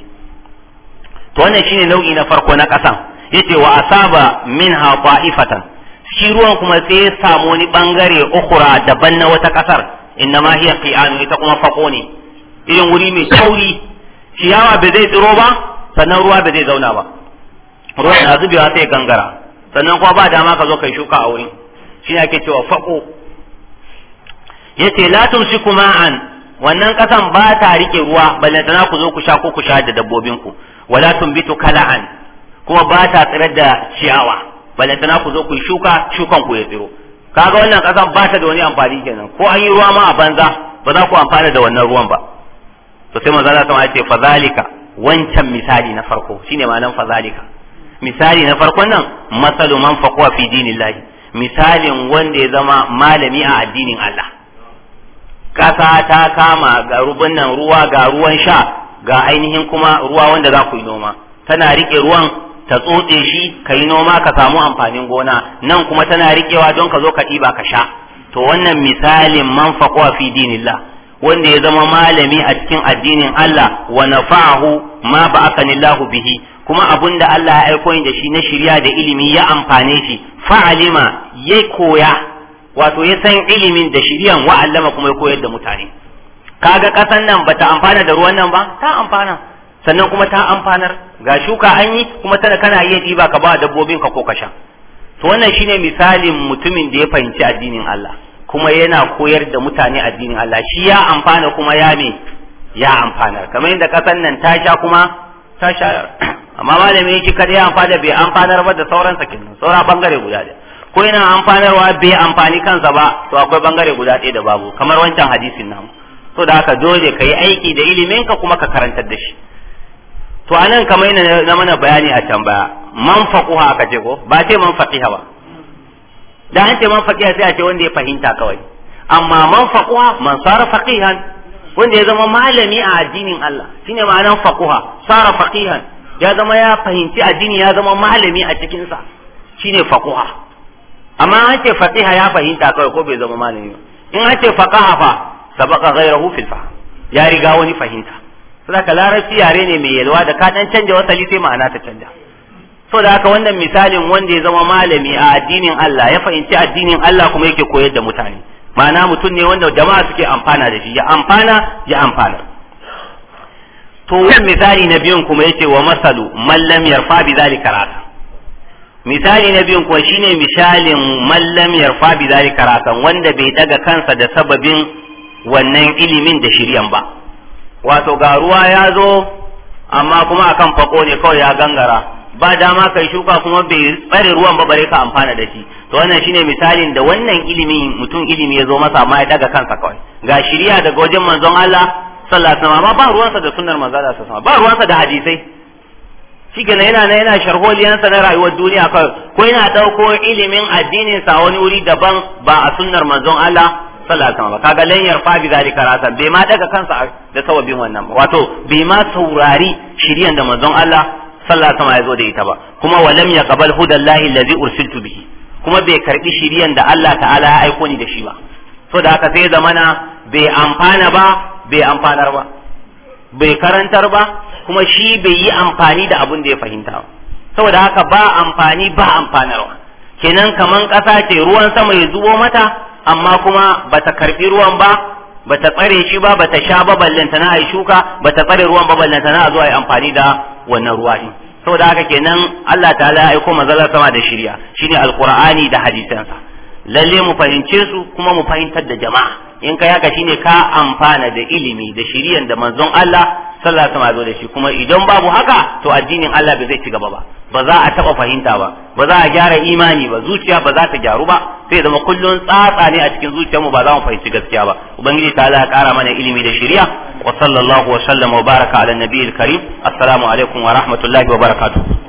to wannan shine nau'i na farko na kasan yace wa asaba ha qa'ifatan shi ruwan kuma sai ya samu wani bangare ukura daban na wata kasar inna ma hiya qi'an ita kuma fako ne irin wuri mai tauri ciyawa ba zai tsiro ba sannan ruwa ba zai zauna ba ruwan na zubewa sai gangara sannan kuma ba dama ka zo kai shuka a wurin shi ake cewa fako yace la tumsiku ma'an wannan kasan ba ta rike ruwa tana ku zo ku sha ko ku sha da dabbobin ku wala tumbitu kala'an kuma ba ta tsirar da ciyawa tana ku zo ku shuka shukan ku ya tsiro kaga wannan kasan ba ta da wani amfani kenan ko an yi ruwa ma a banza ba za ku amfana da wannan ruwan ba to sai manzo Allah ya ce fadhalika wancan misali na farko shine malam fazalika misali na farkon nan masalu man faqwa fi dinillahi misalin wanda ya zama malami a addinin Allah kasa ta kama ga rubun nan ruwa ga ruwan sha ga ainihin kuma ruwa wanda za ku yi noma tana rike ruwan ta tsotse shi ka yi noma ka samu amfanin gona nan kuma tana rikewa don ka zo ka ɗiba ka sha to wannan misalin man faƙwa fi dinillah wanda ya zama malami a cikin addinin Allah wa nafa'ahu ma ba'athanillahu bihi kuma abun da Allah ya aiko da shi na shirya da ilimi ya amfane shi fa'alima ya koya wato ya san ilimin da shiriyan wa allama kuma ya koyar da mutane kaga kasan nan bata amfana da ruwan nan ba ta amfana sannan kuma ta amfanar ga shuka an yi kuma tana kana iya ɗiba ka ba dabbobin ka ko ka sha to wannan shine misalin mutumin da ya fahimci addinin Allah kuma yana koyar da mutane addinin Allah shi ya amfana kuma ya me ya amfanar kamar yadda kasan nan ta sha kuma ta sha amma malami yake kada ya amfana bai amfanar ba da sauran sakin. sauran bangare guda da ko yana amfanarwa bai amfani kansa ba to akwai bangare guda ɗaya da babu kamar wancan hadisin namu to da aka dole ka yi aiki da ilimin ka kuma ka karanta da shi to anan kamar yana na mana bayani a can baya man faquha aka ce ko ba ce man faqiha ba da an ce man faqiha sai a ce wanda ya fahimta kawai amma man faquha man sara faqihan wanda ya zama malami a addinin Allah shine maanar faquha sara faqihan ya zama ya fahimci addini ya zama malami a cikin sa shine faquha amma an ce fatiha ya fahimta kawai ko bai zama malami ba in an ce faqaha fa sabaqa ghayrahu fil fahm ya riga wani fahimta saboda larabci yare ne mai yalwa da ka dan canja wasali sai ma'ana ta canja so da haka wannan misalin wanda ya zama malami a addinin Allah ya fahimci addinin Allah kuma yake koyar da mutane ma'ana mutum ne wanda jama'a suke amfana da shi ya amfana ya amfana to wannan misali na biyun kuma yace wa masalu man lam yarfa bi zalika misali na biyun kuwa shine misalin mallam yarfa bi zalika rasan wanda bai daga kansa da sababin wannan ilimin da shiryan ba wato ga ruwa ya zo amma kuma akan fako ne kawai ya gangara ba dama kai shuka kuma bai tsare ruwan ba bare ka amfana da shi to wannan shine misalin da wannan ilimi mutum ilimi ya zo masa amma ya daga kansa kawai ga shirya daga wajen manzon Allah sallallahu alaihi wasallam ba ruwansa da sunnar manzon Allah sallallahu alaihi wasallam ba ruwansa da hadisai shike na yana yana sharholiyansa na rayuwar duniya kawai ko yana dauko ilimin addinin sa wani wuri daban ba a sunnar manzon Allah sallallahu alaihi wasallam kaga lan yarfa bi zalika rasan bai ma daga kansa da sababin wannan wato bai ma saurari shiriyan da manzon Allah sallallahu alaihi wasallam ya zo da ita ba kuma walam yaqbal hudallahi allazi ursiltu bihi kuma bai karbi shiriyan da Allah ta'ala ya aiko ni da shi ba so da haka sai zamana bai amfana ba bai amfanar ba bai karantar ba kuma shi bai yi amfani da abin da ya fahimta ba saboda haka ba amfani ba amfanarwa kenan kaman ƙasa ce ruwan sama ya zubo mata amma kuma bata karbi ruwan ba bata tsare shi ba bata sha ba ballanta na ai shuka bata tsare ruwan ba ballanta na zuwa yi amfani da wannan ruwa din saboda haka kenan Allah ta'ala ya aiko manzalar sama da shirya shine alqur'ani da hadisansa lalle mu fahimce su kuma mu fahimtar da jama'a in kai haka shine ka amfana da ilimi da shiriyan da manzon Allah sallallahu alaihi da shi kuma idan babu haka to addinin Allah bai zai ci gaba ba ba za a taba fahimta ba ba za a gyara imani ba zuciya ba za ta gyaru ba sai zama kullun tsatsa ne a cikin zuciyarmu ba za mu fahimci gaskiya ba ubangiji ta Allah ya kara mana ilimi da shiriya wa sallallahu wa sallama wa baraka ala nabiyil karim assalamu alaikum wa rahmatullahi wa barakatuh